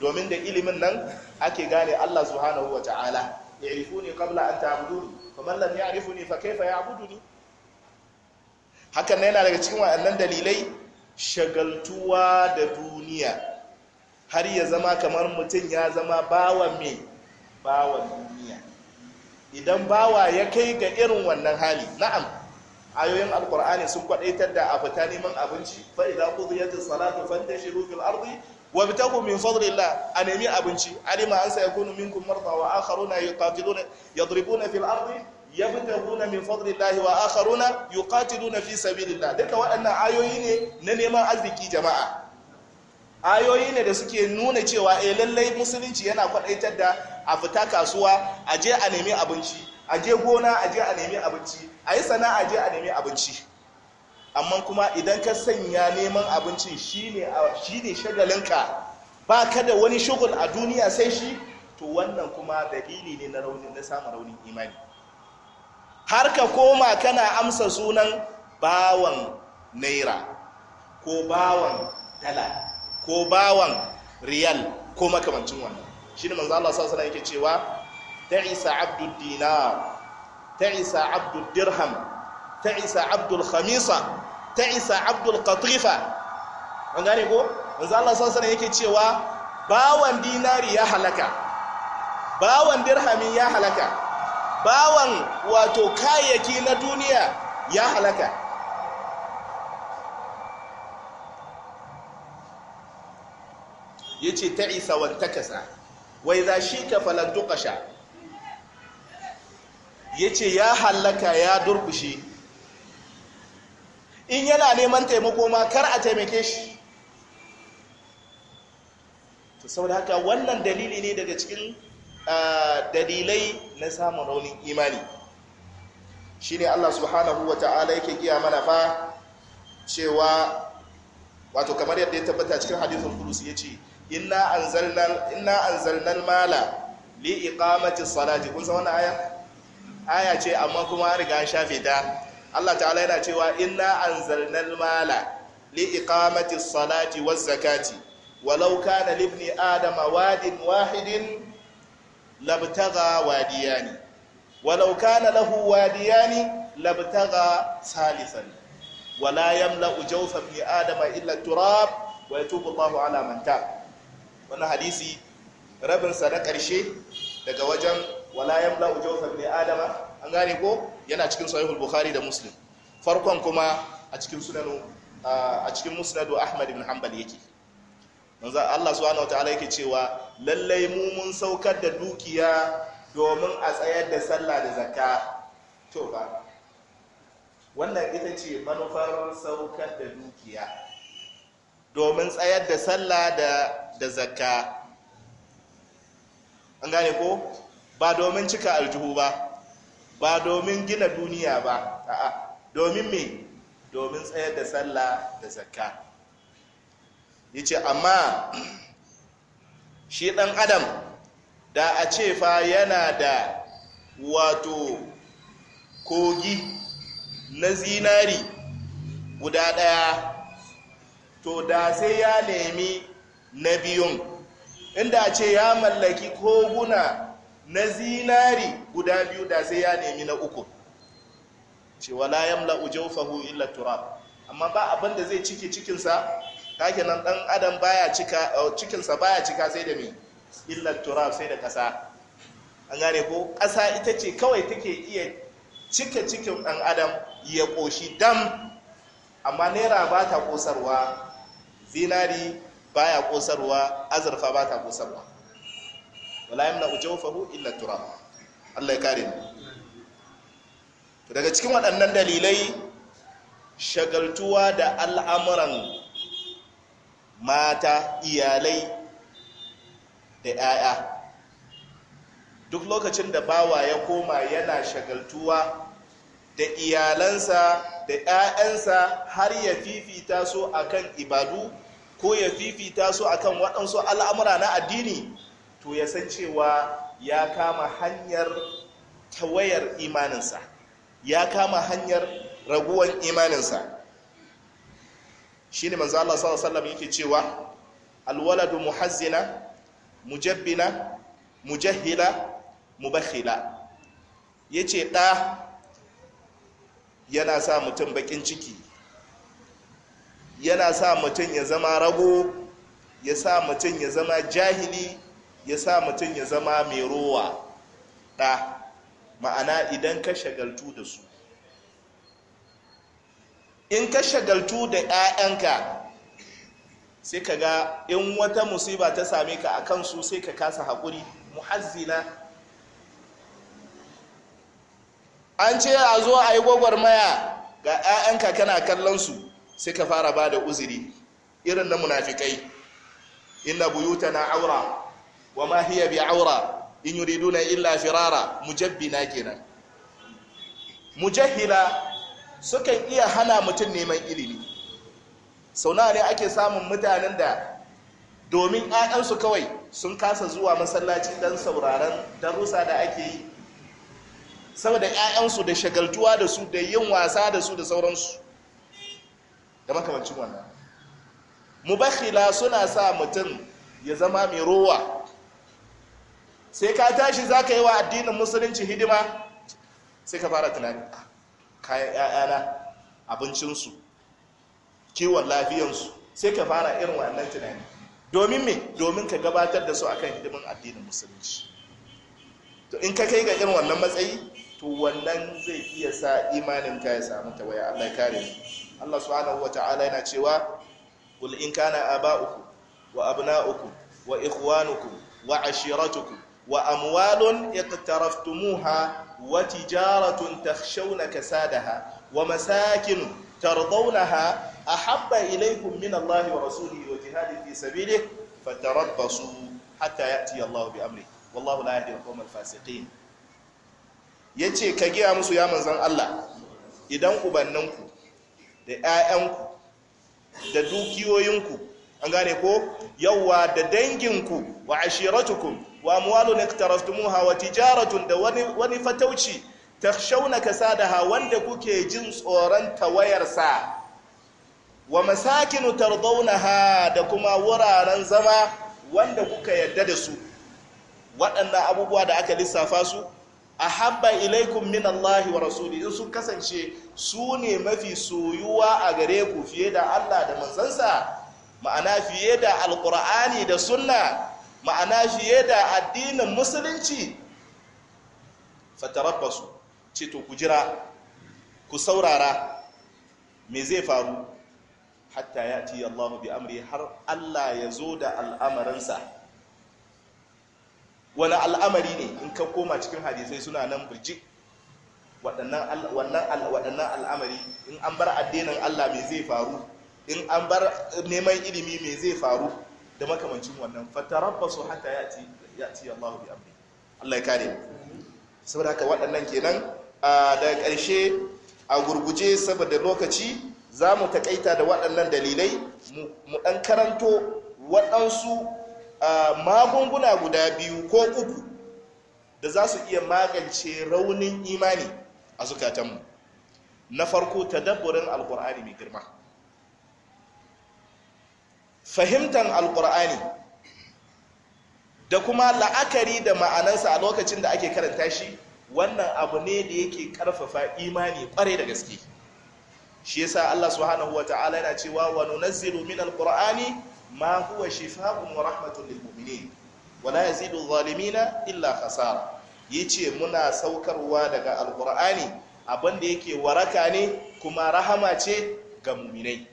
domin da ilimin nan ake gane Allah zuhanahu wa ta'ala ya ne qabla an ta'buduni faman lam ne fa kai fa ya abudu ne. hakan yana daga cikin waɗannan dalilai shagaltuwa da duniya har ya zama kamar mutum ya zama bawa mai bawa duniya idan bawa ya kai ga irin wannan hali na'am ayoyin alkur'ani sun kwadaitar da a fita neman abinci fa idza qudiyatis salatu fantashiru fil ardi wabtagu min fadlillah a nemi abinci alima an sayakunu minkum marda wa akharuna yuqatiluna yadribuna fil ardi Ya yabtaguna min fadlillahi wa akharuna yuqatiluna fi sabilillah duka waɗannan ayoyi ne na neman arziki jama'a ayoyi ne da suke nuna cewa eh lallai musulunci yana kwadaitar da a fita kasuwa a je a nemi abinci a je gona a je a nemi abinci a yi sana'a je a nemi abinci amma kuma idan ka sanya neman abincin shine shine shagalinka ba ka da wani shugul a duniya sai shi to wannan kuma dalili ne na rauni na samun raunin imani har ka koma kana amsa sunan bawan naira ko bawan dala ko bawan riyal ko makamancin wannan shi ne manzo Allah sallallahu alaihi yake cewa ta'isa abdud dinar ta'isa abdud dirham ta'isa abdul khamisa ta'isa abdul qatifa an gane ko manzo Allah sallallahu alaihi yake cewa bawan dinari ya halaka bawan dirhamin ya halaka bawan wato kayayyaki na duniya ya halaka ya ce ta isa kasa wai za shi ka falantu kasha ya ce ya halaka ya durkushe in yana neman taimako ma kar a taimake shi sau da haka wannan dalili ne daga cikin dalilai na samun raunin imani shine Allah subhanahu wa ta'ala yake giya mana fa cewa wato kamar yadda ya tabbata cikin hadithul qudusi ya ce, anzalna inna anzalna mala li iqamati salati kun san wannan aya aya ce amma kuma an riga shafe ta Allah ta'ala yana cewa inna anzalna mala li iqamati salati waz zakati walau kana libni adama wadin wahidin labtaga wadiyani walau kana lahu wadiyani labtaga salisan wala yamla'u jawfa bi adama illa turab wa yatubu Allahu ala man tab wannan hadisi rabin sa na karshe daga wajen wala yamla'u jawfa bi adama an gane ko yana cikin sahihul bukhari da muslim farkon kuma a cikin sunanu a cikin musnadu ahmad ibn hanbal yake manzo Allah subhanahu ta'ala yake cewa lallai mu mun saukar da dukiya domin a tsayar da sallah da zakka to ba wannan ita ce manufar saukar da dukiya domin tsayar da sallah da da zakka an gane ko ba domin cika aljihu ba ba domin gina duniya ba a'a domin me domin tsayar da sallah da zakka ya ce amma shi ɗan adam da a ce fa yana da wato kogi na zinari guda ɗaya to da sai ya nemi na biyun inda a ce ya mallaki koguna na zinari guda biyu da sai ya nemi na uku cewa la yamla ujaufahu illa turab amma ba abin zai cike cikinsa kake nan dan adam baya cika cikinsa baya cika sai da me illar turab sai da ƙasa an gane ko ƙasa ita ce kawai take iya cika cikin ɗan adam ya ƙoshi dam amma naira ba ta ƙosarwa zinari baya ƙosarwa azurfa ba ta ƙosarwa wala yamna fahu illa turab Allah ya kare daga cikin waɗannan dalilai shagaltuwa da al'amuran mata iyalai da 'ya'ya duk lokacin da bawa ya koma yana shagaltuwa da iyalansa da 'ya'yansa har ya fifita su akan ibadu ko ya fifita su akan waɗansu al'amura na addini to ya san cewa ya kama hanyar tawayar imaninsa ya kama hanyar raguwan imaninsa ne manzo Allah sallallahu alaihi wasallam yake cewa alwaladu muhazzina mujabbina mujahila mubakhila yace da yana sa mutum bakin ciki yana sa mutum ya zama rago ya sa mutum ya zama jahili ya sa mutum ya zama mai rowa da ma'ana idan ka shagaltu da su in ka shagaltu da 'ya'yanka sai ka ga in wata musiba ta same ka a kansu sai ka kasa haƙuri muhazzina an ce a zo a yi gwagwarmaya ga 'ya'yanka kana kallon su sai ka fara ba da uziri irin na munafikai inna buyuta na aura wa ma hiya bi aura in na illa firara mujabbina kenan mujahila sukan iya hana mutum neman ilimi sau nawa ne ake samun mutanen da domin 'ya'yansu kawai sun kasa zuwa masallaci don sauraron darussa da ake yi saboda 'ya'yansu da shagaltuwa da su da yin wasa da su da sauransu da makamancin wannan mubakhila suna sa mutum ya zama mai rowa sai ka tashi za ka yi wa addinin musulunci hidima sai ka fara tunani ah, kayan 'ya'yana abincinsu kiwon lafiyansu sai ka fara irin wannan tunani domin me domin ka gabatar da su akan hidimin addinin musulunci to in ka kai ga irin wannan matsayi to wannan zai iya sa imanin ka ya samu waya Allah ya kare mu Allah subhanahu wata'ala yana cewa qul in kana wa abna'ukum wa ikhwanukum wa ashiratukum wa amwalun iqtaraftumuha وتجارة تخشون كسادها ومساكن ترضونها أحب إليكم من الله ورسوله وجهاد في سبيله فتربصوا حتى يأتي الله بأمره والله لا يهدي القوم الفاسقين yace ka giya musu ya manzan Allah idan ubanninku da 'ya'yanku da dukiyoyinku an gane ko yawwa da danginku wa ashiratukum wa amwalun iktaraftumuha wa tijaratun da wani wani fatauci takhshawna kasadaha wanda kuke jin tsoron tawayarsa wa masakinu tardawnaha da kuma wuraren zama wanda kuka yadda da su waɗannan abubuwa da aka lissafa su ahabba ilaikum min Allahi wa rasuli in sun kasance su ne mafi soyuwa a gare ku fiye da Allah da manzansa ma'ana fiye da alkur'ani da sunna ma'ana fiye da addinin musulunci fatarabbasu ce to ku jira ku saurara me zai faru hatta ya ci Allah bi amri har Allah ya zo da al'amarinsa wani al'amari ne in ka koma cikin hadisai suna nan birjik waɗannan al'amari in an bar addinin Allah me zai faru in an bar neman ilimi me zai faru da makamancin wannan fatarabbasu hatta ya ci, Allah bi amri Allah ya kare saboda haka waɗannan kenan daga ƙarshe a gurguje saboda lokaci za mu taƙaita da waɗannan dalilai mu ɗan karanto waɗansu magunguna guda biyu ko uku da za su iya magance raunin imani a zukatanmu na farko ta tadabburin alkur'ani mai girma fahimtar alkur'ani da kuma la'akari da ma'anarsa a lokacin da ake karanta shi wannan abu ne da yake karfafa imani kwarai da gaske shi yasa Allah subhanahu ta'ala yana cewa wa nunazzilu min alqur'ani ma huwa shifa'un wa rahmatun lil mu'minin wa la yazidu zalimina illa khasara yace muna saukarwa daga alqur'ani abinda yake waraka ne kuma rahama ce ga mu'minai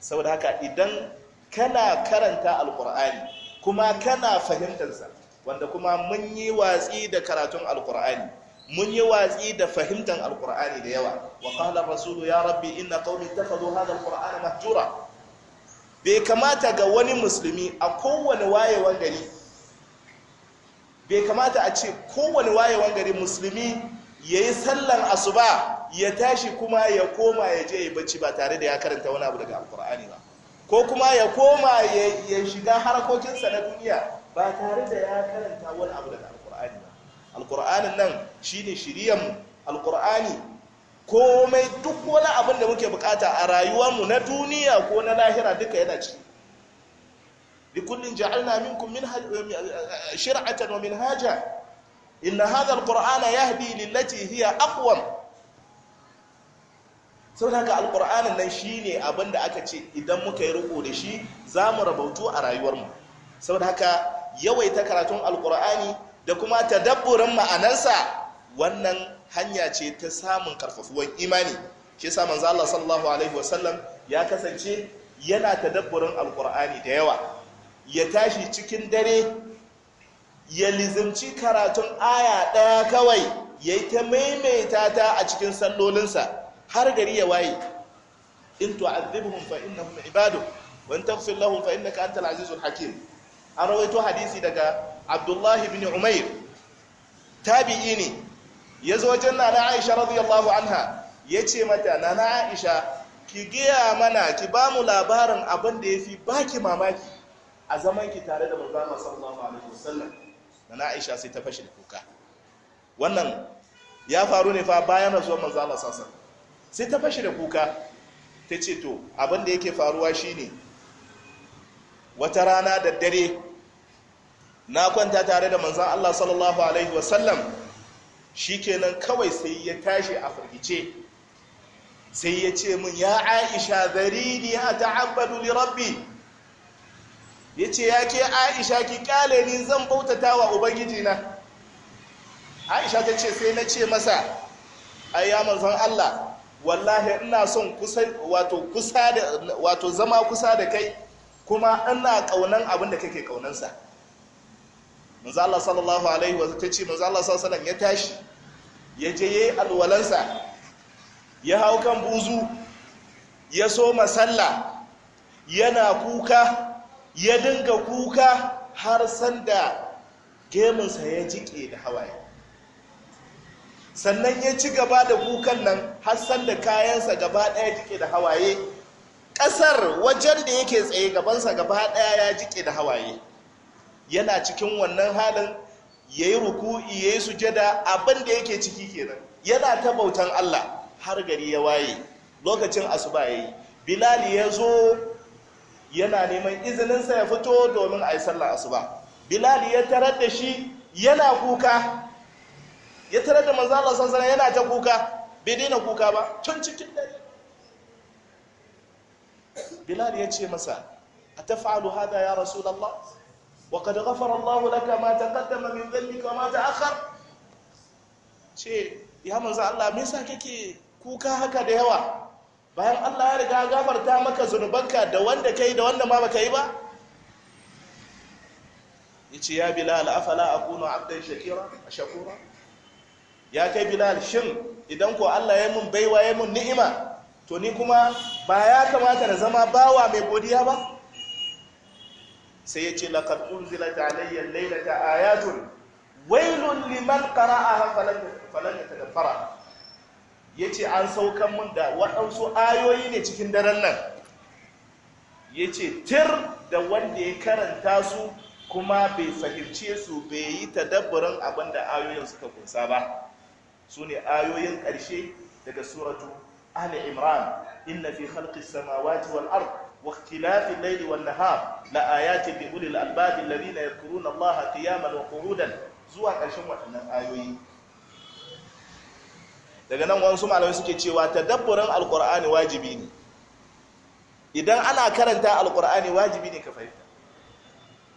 saboda haka idan kana karanta alkur'ani kuma kana fahimtarsa wanda kuma mun yi watsi da karatun alkur'ani mun yi watsi da fahimtar alkur'ani da yawa wa qala rasulu ya rabbi inna qaumi ittakhadhu hadha na mahjura bai kamata ga wani musulmi a kowane wayewan gari bai kamata a ce kowane wayewan gari musulmi yayi sallan asuba ya tashi kuma ya koma ya je ya bacci ba tare da ya karanta wani abu daga alkur'ani ba ko kuma ya koma ya shiga harkokinsa na duniya ba tare da ya karanta wani abu daga alkur'ani ba alkur'anin nan shine shiryanmu alkur'ani komai duk wani abin da muke bukata a rayuwarmu na duniya ko na lahira duka yana ciki likullin ja'alna minkum shir'atan wa minhaja inna hadha alqur'ana yahdi lillati hiya aqwam saboda haka alƙur'anin nan shine abin da aka ce idan muka yi riko da shi za mu rabautu a rayuwarmu saboda haka yawaita karatun alƙur'ani da kuma tadabburin ma'anarsa wannan hanya ce ta samun karfafuwan imani shi yasa manzo Allah sallallahu alaihi wasallam ya kasance yana ta tadabburin alƙur'ani da yawa ya tashi cikin dare ya lizimci karatun aya ɗaya kawai ya yi ta maimaita ta a cikin sallolinsa har gari ya waye in tu'adhibhum fa innahum ibaduk wa in lahum fa innaka antal azizul hakim an rawaito hadisi daga Abdullah ibn Umair tabi'i ne yazo wajen nana Aisha radiyallahu anha yace mata nana Aisha ki giya mana ki ba mu labarin abin da yafi baki mamaki a zaman ki tare da manzon sallallahu alaihi wasallam nana Aisha sai ta fashe kuka wannan ya faru ne fa bayan rasuwar manzon sallallahu alaihi wasallam sai ta fashi da kuka ta ce to abinda yake faruwa shine wata rana da dare na kwanta tare da manzan Allah sallallahu alaihi wasallam shikenan kawai sai ya tashi a firgice sai ya ce min ya aisha ni a ta'abbadu li rabbi ya ce ya ke aisha ki kyale ni zan bautata wa ubangijina aisha ta ce sai na ce masa ai ya Allah wallahi ina son wato zama kusa da kai kuma ina kaunan abin da kake kaunansa manzo sallallahu alaihi wa ta ce manzo ya tashi ya je yi alwalansa ya hau kan buzu ya so masalla. yana kuka ya dinga kuka har sanda gemunsa ya jike da hawaye sannan ya ci gaba da kukan nan har san da kayansa gaba ɗaya jike da hawaye ƙasar wajen da yake tsaye gabansa gaba ɗaya ya jike da hawaye yana cikin wannan halin ya yi ruku ya yi sujada abin da yake ciki kenan yana ta bautan allah har gari ya waye lokacin asuba ya yi bilal ya zo yana neman izininsa ya fito domin a yi sallar asuba bilali ya tarar da shi yana kuka ya tare da manzo Allah sallallahu yana ta kuka bai daina kuka ba tun cikin dare bilal ya ce masa ataf'alu hada ya rasulullah wa qad ghafara Allah laka ma taqaddama min dhanbika wa ma ta'akhkhar ce ya manzo Allah me yasa kake kuka haka da yawa bayan Allah ya riga gafarta maka zunubanka da wanda kai da wanda ma baka yi ba yace ya bilal afala akunu abdan shakira shakura ya kai bilal shin idan ko allah ya mun baiwa ya mun ni'ima to ni kuma ba ya kamata na zama bawa mai godiya ba sai ya ce laqad unzilat alayya laylata ayatun wailun liman qara'aha falan Ya yace an saukan mun da waɗansu ayoyi ne cikin daren nan yace tir da wanda ya karanta su kuma bai fahimce su bai yi tadabburin abin da ayoyin suka kunsa ba su ayoyin ƙarshe daga suratu ali imran inna fi khalqis samawati wal ard la الليل والنهار لآيات لأولي الألباب الذين يذكرون الله قياما وقعودا zuwa ƙarshen waɗannan ayoyi daga nan wasu malamai suke cewa tadabburin alkur'ani wajibi ne idan ana karanta alkur'ani wajibi ne ka fahimta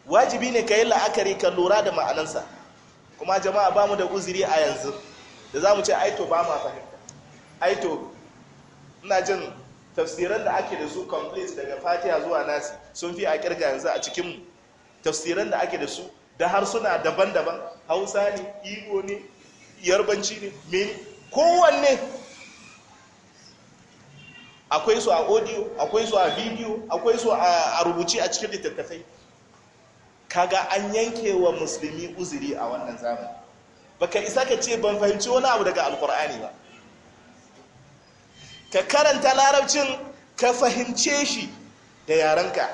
wajibi ne ka yi la'akari ka lura da ma'anansa kuma jama'a ba mu da uzuri a yanzu da za mu ce aito ba ma fahimta aito ina jin tafsiran da ake da su complete daga fatiha zuwa nasi sun fi a kirga yanzu a cikinmu tafsiran da ake da su da harsuna daban-daban hausa ne igbo ne yarbanci ne mini kowanne akwai su a audio akwai su a video akwai su a rubuci a cikin littattafai kaga an yanke wa musulmi uzuri a wannan zamani baka isa ka ce ban fahimci wani abu daga alkur'ani ba ka karanta larabcin ka fahimce shi da yarenka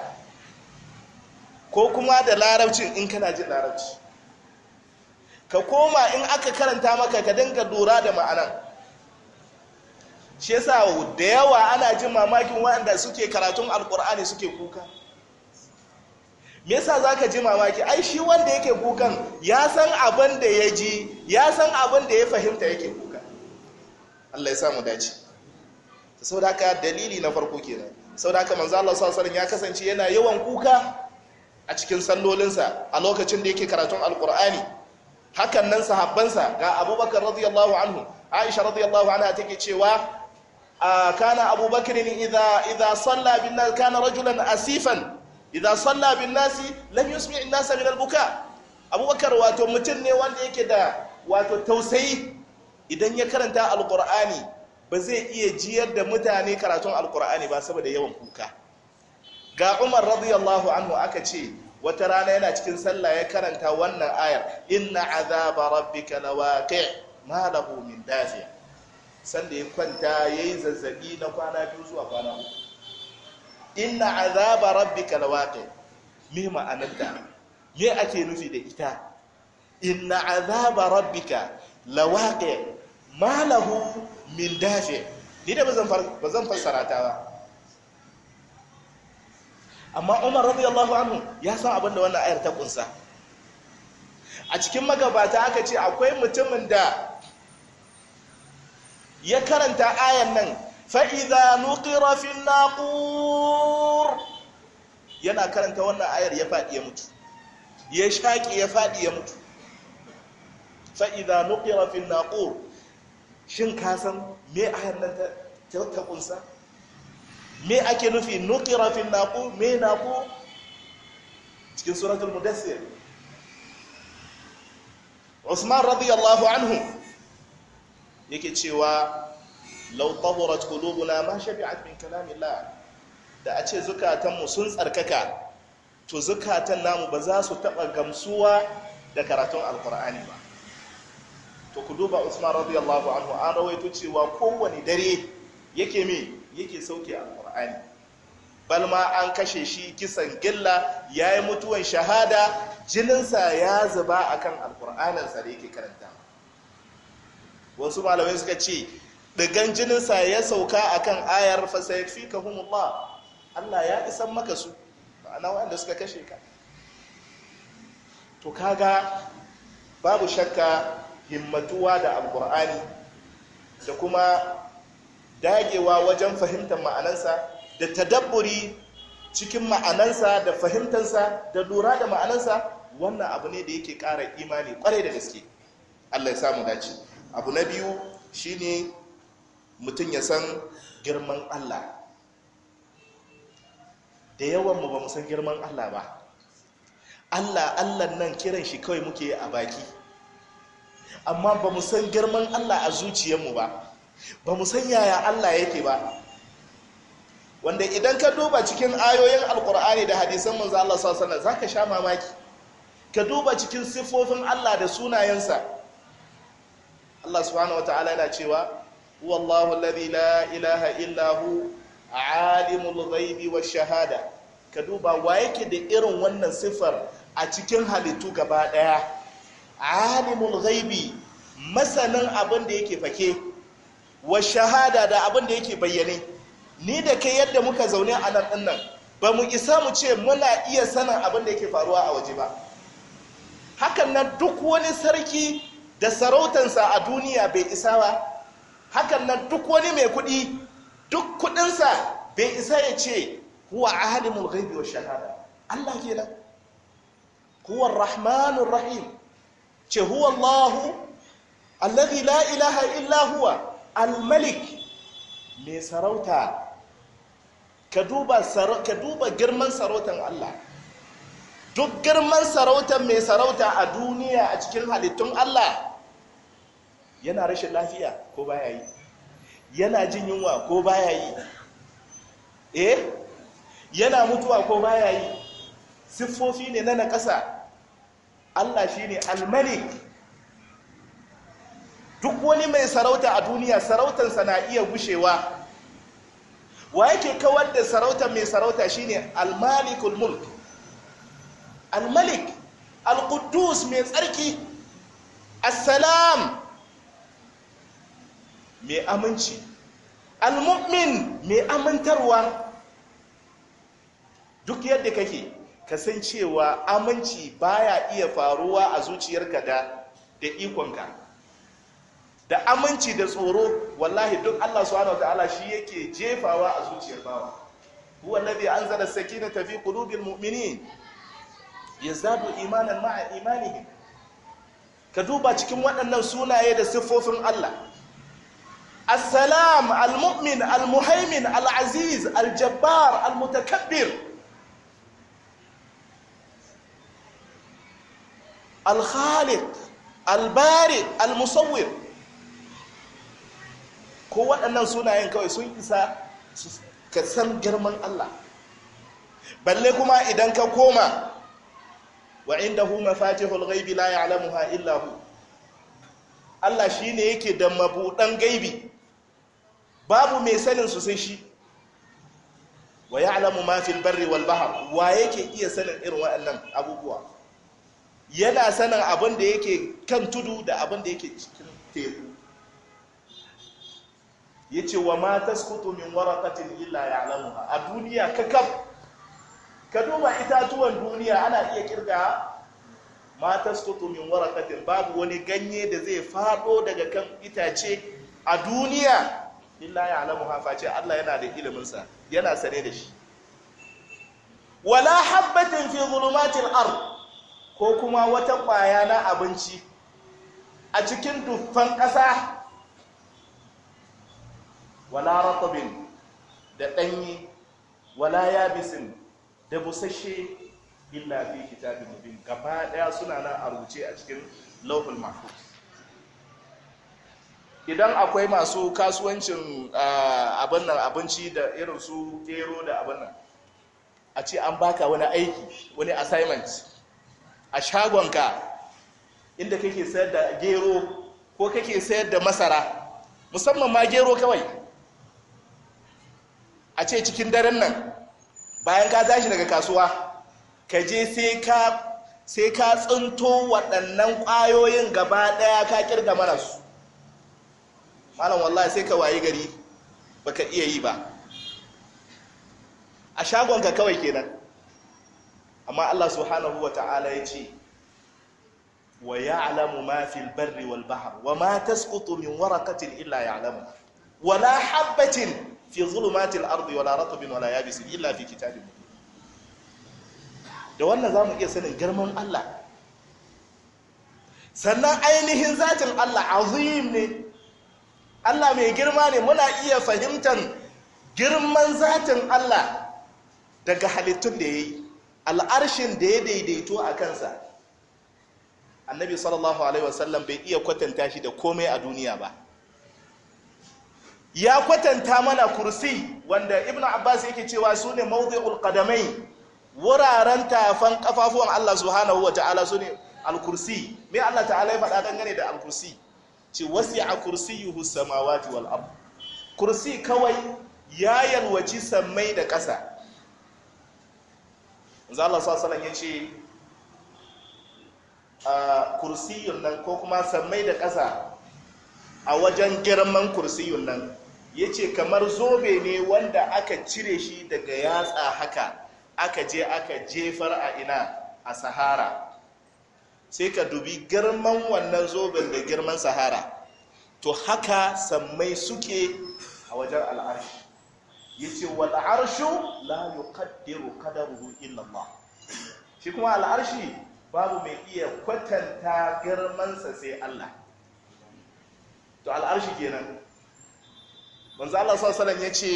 ko kuma da larabcin in kana jin larabci ka koma in aka karanta maka ka dinga lura da ma'anan shi yasa da yawa ana jin mamakin waɗanda suke karatun alkur'ani suke kuka me yasa zaka ji mamaki ai shi wanda yake kukan ya san abin da ya ji ya san abin da ya fahimta yake kuka Allah ya sa mu dace saboda haka dalili na farko kenan saboda haka manzo Allah sallallahu alaihi ya kasance yana yawan kuka a cikin sallolinsa a lokacin da yake karatun alqur'ani hakan nan sahabbansa ga Abubakar radiyallahu anhu Aisha radiyallahu anha take cewa ah, kana Abubakar idza idza salla bin kana rajulan asifan idza salla bin nasi lam yusmi in nasa min buka abubakar wato mutum ne wanda yake da wato tausayi idan ya karanta alkur'ani ba zai iya jiyar da mutane karatun alkur'ani ba saboda yawan kuka ga umar radiyallahu anhu aka ce wata rana yana cikin sallah ya karanta wannan ayar inna azaba rabbika lawaqi ma lahu min dafi sanda ya kwanta yayi zazzabi na kwana biyu zuwa kwana uku inna azaba rabbika lawaqi me da me ake nufi da ita inna azaba rabbika lawaqi ma lahu min dafi ni da bazan bazan fassara ta ba amma Umar radiyallahu anhu ya san abin da wannan ayar ta kunsa a cikin magabata aka ce akwai mutumin da ya karanta ayan nan fa'iza nukira fin naƙur yana karanta wannan ayar ya faɗi ya mutu ya shaƙi ya faɗi ya mutu fa'iza nukira fin naƙur shin kasan me ayar nan ta kunsa me ake nufi nukira fin naƙur me naƙur cikin suratul mudassir usman radiyallahu anhu yake cewa law tahurat ma shabi'at min kalamillah da a ce zukatanmu sun tsarkaka to zukatan namu ba za su taɓa gamsuwa da karatun alkur'ani ba to ku duba usman radiyallahu anhu an rawaito cewa kowane dare yake me yake sauke alkur'ani bal ma an kashe shi kisan gilla ya yi mutuwan shahada jininsa ya zuba akan alkur'aninsa da yake karanta wasu malamai suka ce digan jininsa ya sauka a kan ayar fasayakfikahumullah Allah ya isan maka su ma'ana wanda suka kashe ka to kaga babu shakka himmatuwa da alkur'ani da kuma dagewa wajen fahimtar ma'anansa da tadabburi cikin ma'anansa da fahimtansa da lura da ma'anansa wannan abu ne da yake kara imani kwarai da gaske allah ya samu dace abu na biyu shine mutum ya san girman allah da yawan mu ba mu san girman allah ba allah allah nan kiran shi kawai muke a baki amma ba mu san girman allah a zuciyarmu ba ba mu san yaya allah yake ba wanda idan ka duba cikin ayoyin alkur'ani da hadisan manzo Allah sallallahu alaihi zaka sha mamaki ka duba cikin siffofin Allah da sunayensa Allah subhanahu ta'ala yana cewa هو الله الذي لا اله الا هو عالم الغيب والشهاده كدوبا وايكي دي ايرن wannan sifar a cikin halittu gaba daya alimul ghaibi masanin abin da yake fake wa shahada da abin da yake bayyane ni da kai yadda muka zaune a nan dinnan ba mu isa mu ce muna iya sanin abin da yake faruwa a waje ba Haka nan duk wani sarki da sarautansa a duniya bai isa ba hakan nan duk wani mai kuɗi duk kuɗinsa bai isa ya ce huwa ahalimul ghaibi wa shahada Allah kenan huwa rahmanur rahim ce huwa Allah la ilaha illa huwa al-malik mai sarauta ka duba ka duba girman sarautan Allah duk girman sarautan mai sarauta a duniya a cikin halittun Allah yana rashin lafiya ko baya yi yana jin yunwa ko baya yi eh yana mutuwa ko baya yi siffofi ne na nakasa Allah shi ne almalik. duk wani mai sarauta a duniya sarautarsa na iya gushewa wa yake kawar da sarauta mai sarauta shi ne almalikul mulk Almalik, alkudus mai tsarki assalam mai aminci almu'min mai amintarwa duk yadda kake kasancewa aminci baya iya faruwa a zuciyarka da da ikonka da aminci da tsoro wallahi duk Allah subhanahu wataala shi yake jefawa a zuciyar bawa huwa alladhi anzala sakinata fi qulubil mu'minin yazdadu imanan ma'a imanihim ka duba cikin waɗannan sunaye da siffofin Allah السلام المؤمن المهيمن العزيز الجبار المتكبر الخالق البارئ المصور ko waɗannan sunayen kawai sun isa ka san girman Allah balle kuma idan ka koma wa indahu mafatihul ghaibi la ya'lamuha illa hu Allah shine yake da mabudan gaibi babu mai sanin su sai shi wa ya ma fil barri wal bahr wa yake iya sanin irin waɗannan abubuwa yana sanin abin da yake kan tudu da abin da yake cikin teku yace wa ma tasqutu min waraqatin illa ya'lamuha a duniya kakab ka duba itatuwan duniya ana iya kirga ma tasqutu min waraqatin babu wani ganye da zai fado daga kan itace a duniya illa ya alamu hafa ce Allah yana da iliminsa yana sane da shi wala habbatin fi zulumatil ard ko kuma wata kwaya na abinci a cikin duffan ƙasa wala ratbin da ɗanyi wala yabisin da busasshe illa fi kitabin mubin gaba ɗaya suna nan a rubuce a cikin lawful mahfuz idan akwai masu kasuwancin abin nan abinci da irin su gero da abin nan a ce an baka wani aiki wani assignment a shagonka inda kake sayar da gero ko kake sayar da masara musamman ma gero kawai a ce cikin daren nan bayan ka tashi daga kasuwa ka je sai ka sai ka tsinto waɗannan ƙwayoyin gaba ɗaya ka kirga mana malam wallahi sai ka wayi gari baka iya yi ba a shagonka kawai kenan amma Allah subhanahu wa ta'ala ya ce wa ya'lamu ma fil barri wal wa ma tasqutu min waraqatin illa ya'lamu wa la habatin fi zulumatil ardi wa la ratbin wa la yabisin illa fi kitabin da wannan zamu iya sanin girman Allah sannan ainihin zatin Allah azim ne Allah mai girma ne muna iya fahimtar girman zatin Allah daga halittun da ya yi al'arshin da ya daidaito a kansa annabi sallallahu alaihi wasallam bai iya kwatanta shi da komai a duniya ba ya kwatanta mana kursi wanda ibn abbas yake cewa su ne mawdi'ul qadamai wuraren tafan kafafuwan Allah subhanahu wa ta'ala su ne al-kursi me Allah ta'ala ya faɗa dangane da al-kursi a kursi kursiyuhu samawati wal abu. kursi kawai ya yalwaci sammai da ƙasa Za Allah sa alaihi ya ce a kursiyun nan ko kuma sammai da ƙasa a wajen girman kursiyun nan ya ce kamar zobe ne wanda aka cire shi daga yatsa haka aka je aka jefar a ina a sahara sai ka dubi girman wannan zoben da girman sahara to haka sammai suke a wajen al'arshi Ya ce wata arshu la yuqaddiru qadaruhu illa Allah shi kuma al'arshi babu mai iya kwatanta girmansa sai Allah to al'arshi kenan manzo Allah sallallahu alaihi wasallam yace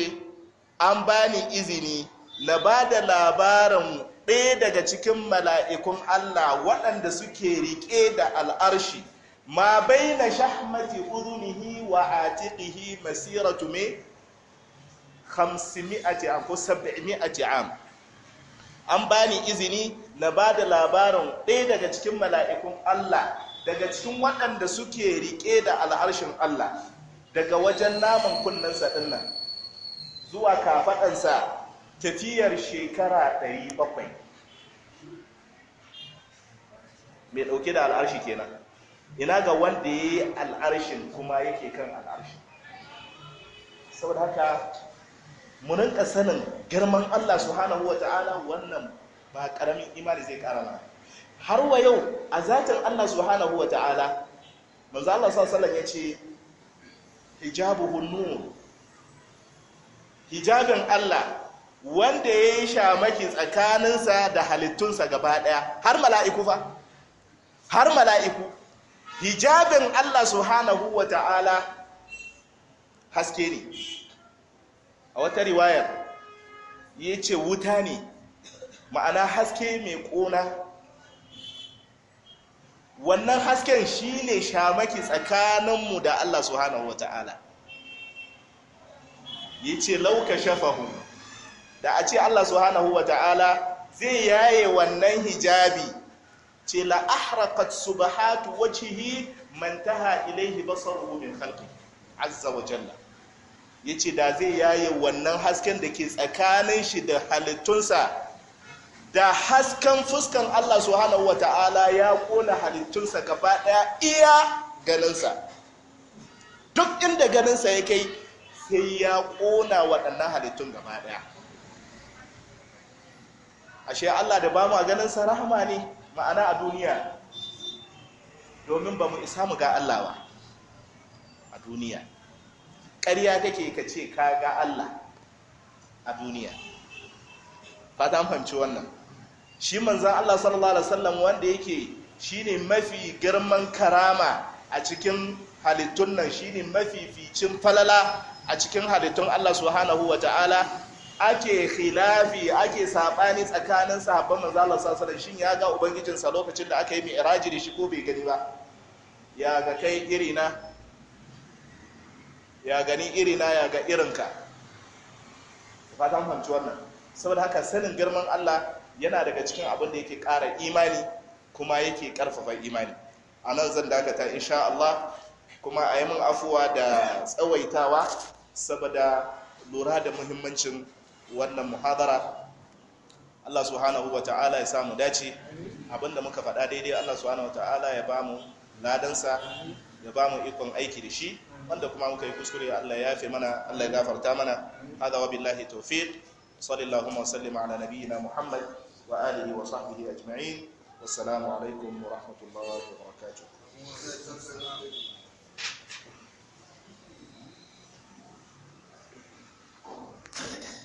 an bani izini na ba da labarin ɗaya daga cikin mala'ikun Allah waɗanda suke riƙe da al'arshi ma bai na shahmati uzunihi wa atiqihi masiratu me 500 am ko a am an bani izini na ba da labarin ɗaya daga cikin mala'ikun Allah daga cikin waɗanda suke riƙe da al'arshin Allah daga wajen naman kunnensa ɗinnan zuwa kafaɗansa tafiyar shekara 700 mai ɗauke da al'arshi kenan ina ga wanda ya yi al'arshin kuma yake kan Sau saboda haka munin sanin girman Allah subhanahu wata'ala wannan ba karamin imani zai kara har wa yau a zatin Allah subhanahu wata'ala manzo Allah ya ce hijabu hunnu hijabin Allah wanda ya yi shamaki tsakaninsa da halittunsa gaba ɗaya har mala'iku fa har mala'iku hijabin Allah subhanahu wa ta'ala haske ne a wata riwayar ya ce wuta ne ma'ana haske mai ƙona wannan hasken shi ne shamaki tsakaninmu da Allah subhanahu wa ta'ala ya ce lauka shafa shafahu da a ce Allah subhanahu wa ta'ala zai yaye wannan hijabi ce la ba hatu wajhihi man taha ilayhi basaruhu min halki azza wa jalla ya ce da zai yaye wannan hasken da ke tsakanin shi da halittunsa da hasken fuskan Allah subhanahu wa ta'ala ya kona halittunsa gaba ɗaya iya ganinsa duk inda ganinsa ya kai sai ya kona waɗannan halittun gaba ɗaya. ashe Allah da ba mu a ganin sa rahama ne ma'ana a duniya domin ba mu isa mu ga Allah ba a duniya ƙarya kake ka ce ka ga Allah a duniya ba ta fahimci wannan shi manzan Allah sallallahu alaihi wasallam wanda yake shine mafi girman karama a cikin halittun nan shine ficin falala a cikin halittun Allah subhanahu wa ta'ala ake khilafi ake sabani tsakanin sahabban manzo Allah sallallahu alaihi shin ya ga ubangijinsa lokacin da aka yi mi'raji da shi ko bai gani ba ya ga kai irina ya gani irina ya ga irinka fatan fahimci wannan saboda haka sanin girman Allah yana daga cikin abin da yake ƙara imani kuma yake ƙarfafa imani a nan zan dakata insha Allah kuma a yi min afuwa da tsawaitawa saboda lura da muhimmancin wannan muhadara Allah subhanahu wa ta'ala ya samu dace abinda muka faɗa daidai Allah subhanahu wa ta'ala ya bamu ladansa ya bamu ikon aiki da shi wanda kuma muka yi kuskure Allah ya yafe mana Allah ya gafarta mana hada wa billahi tawfiq sallallahu wa sallama ala nabiyyina muhammad wa alihi wa sahbihi ajma'in wassalamu alaikum wa rahmatullahi wa barakatuh Thank you.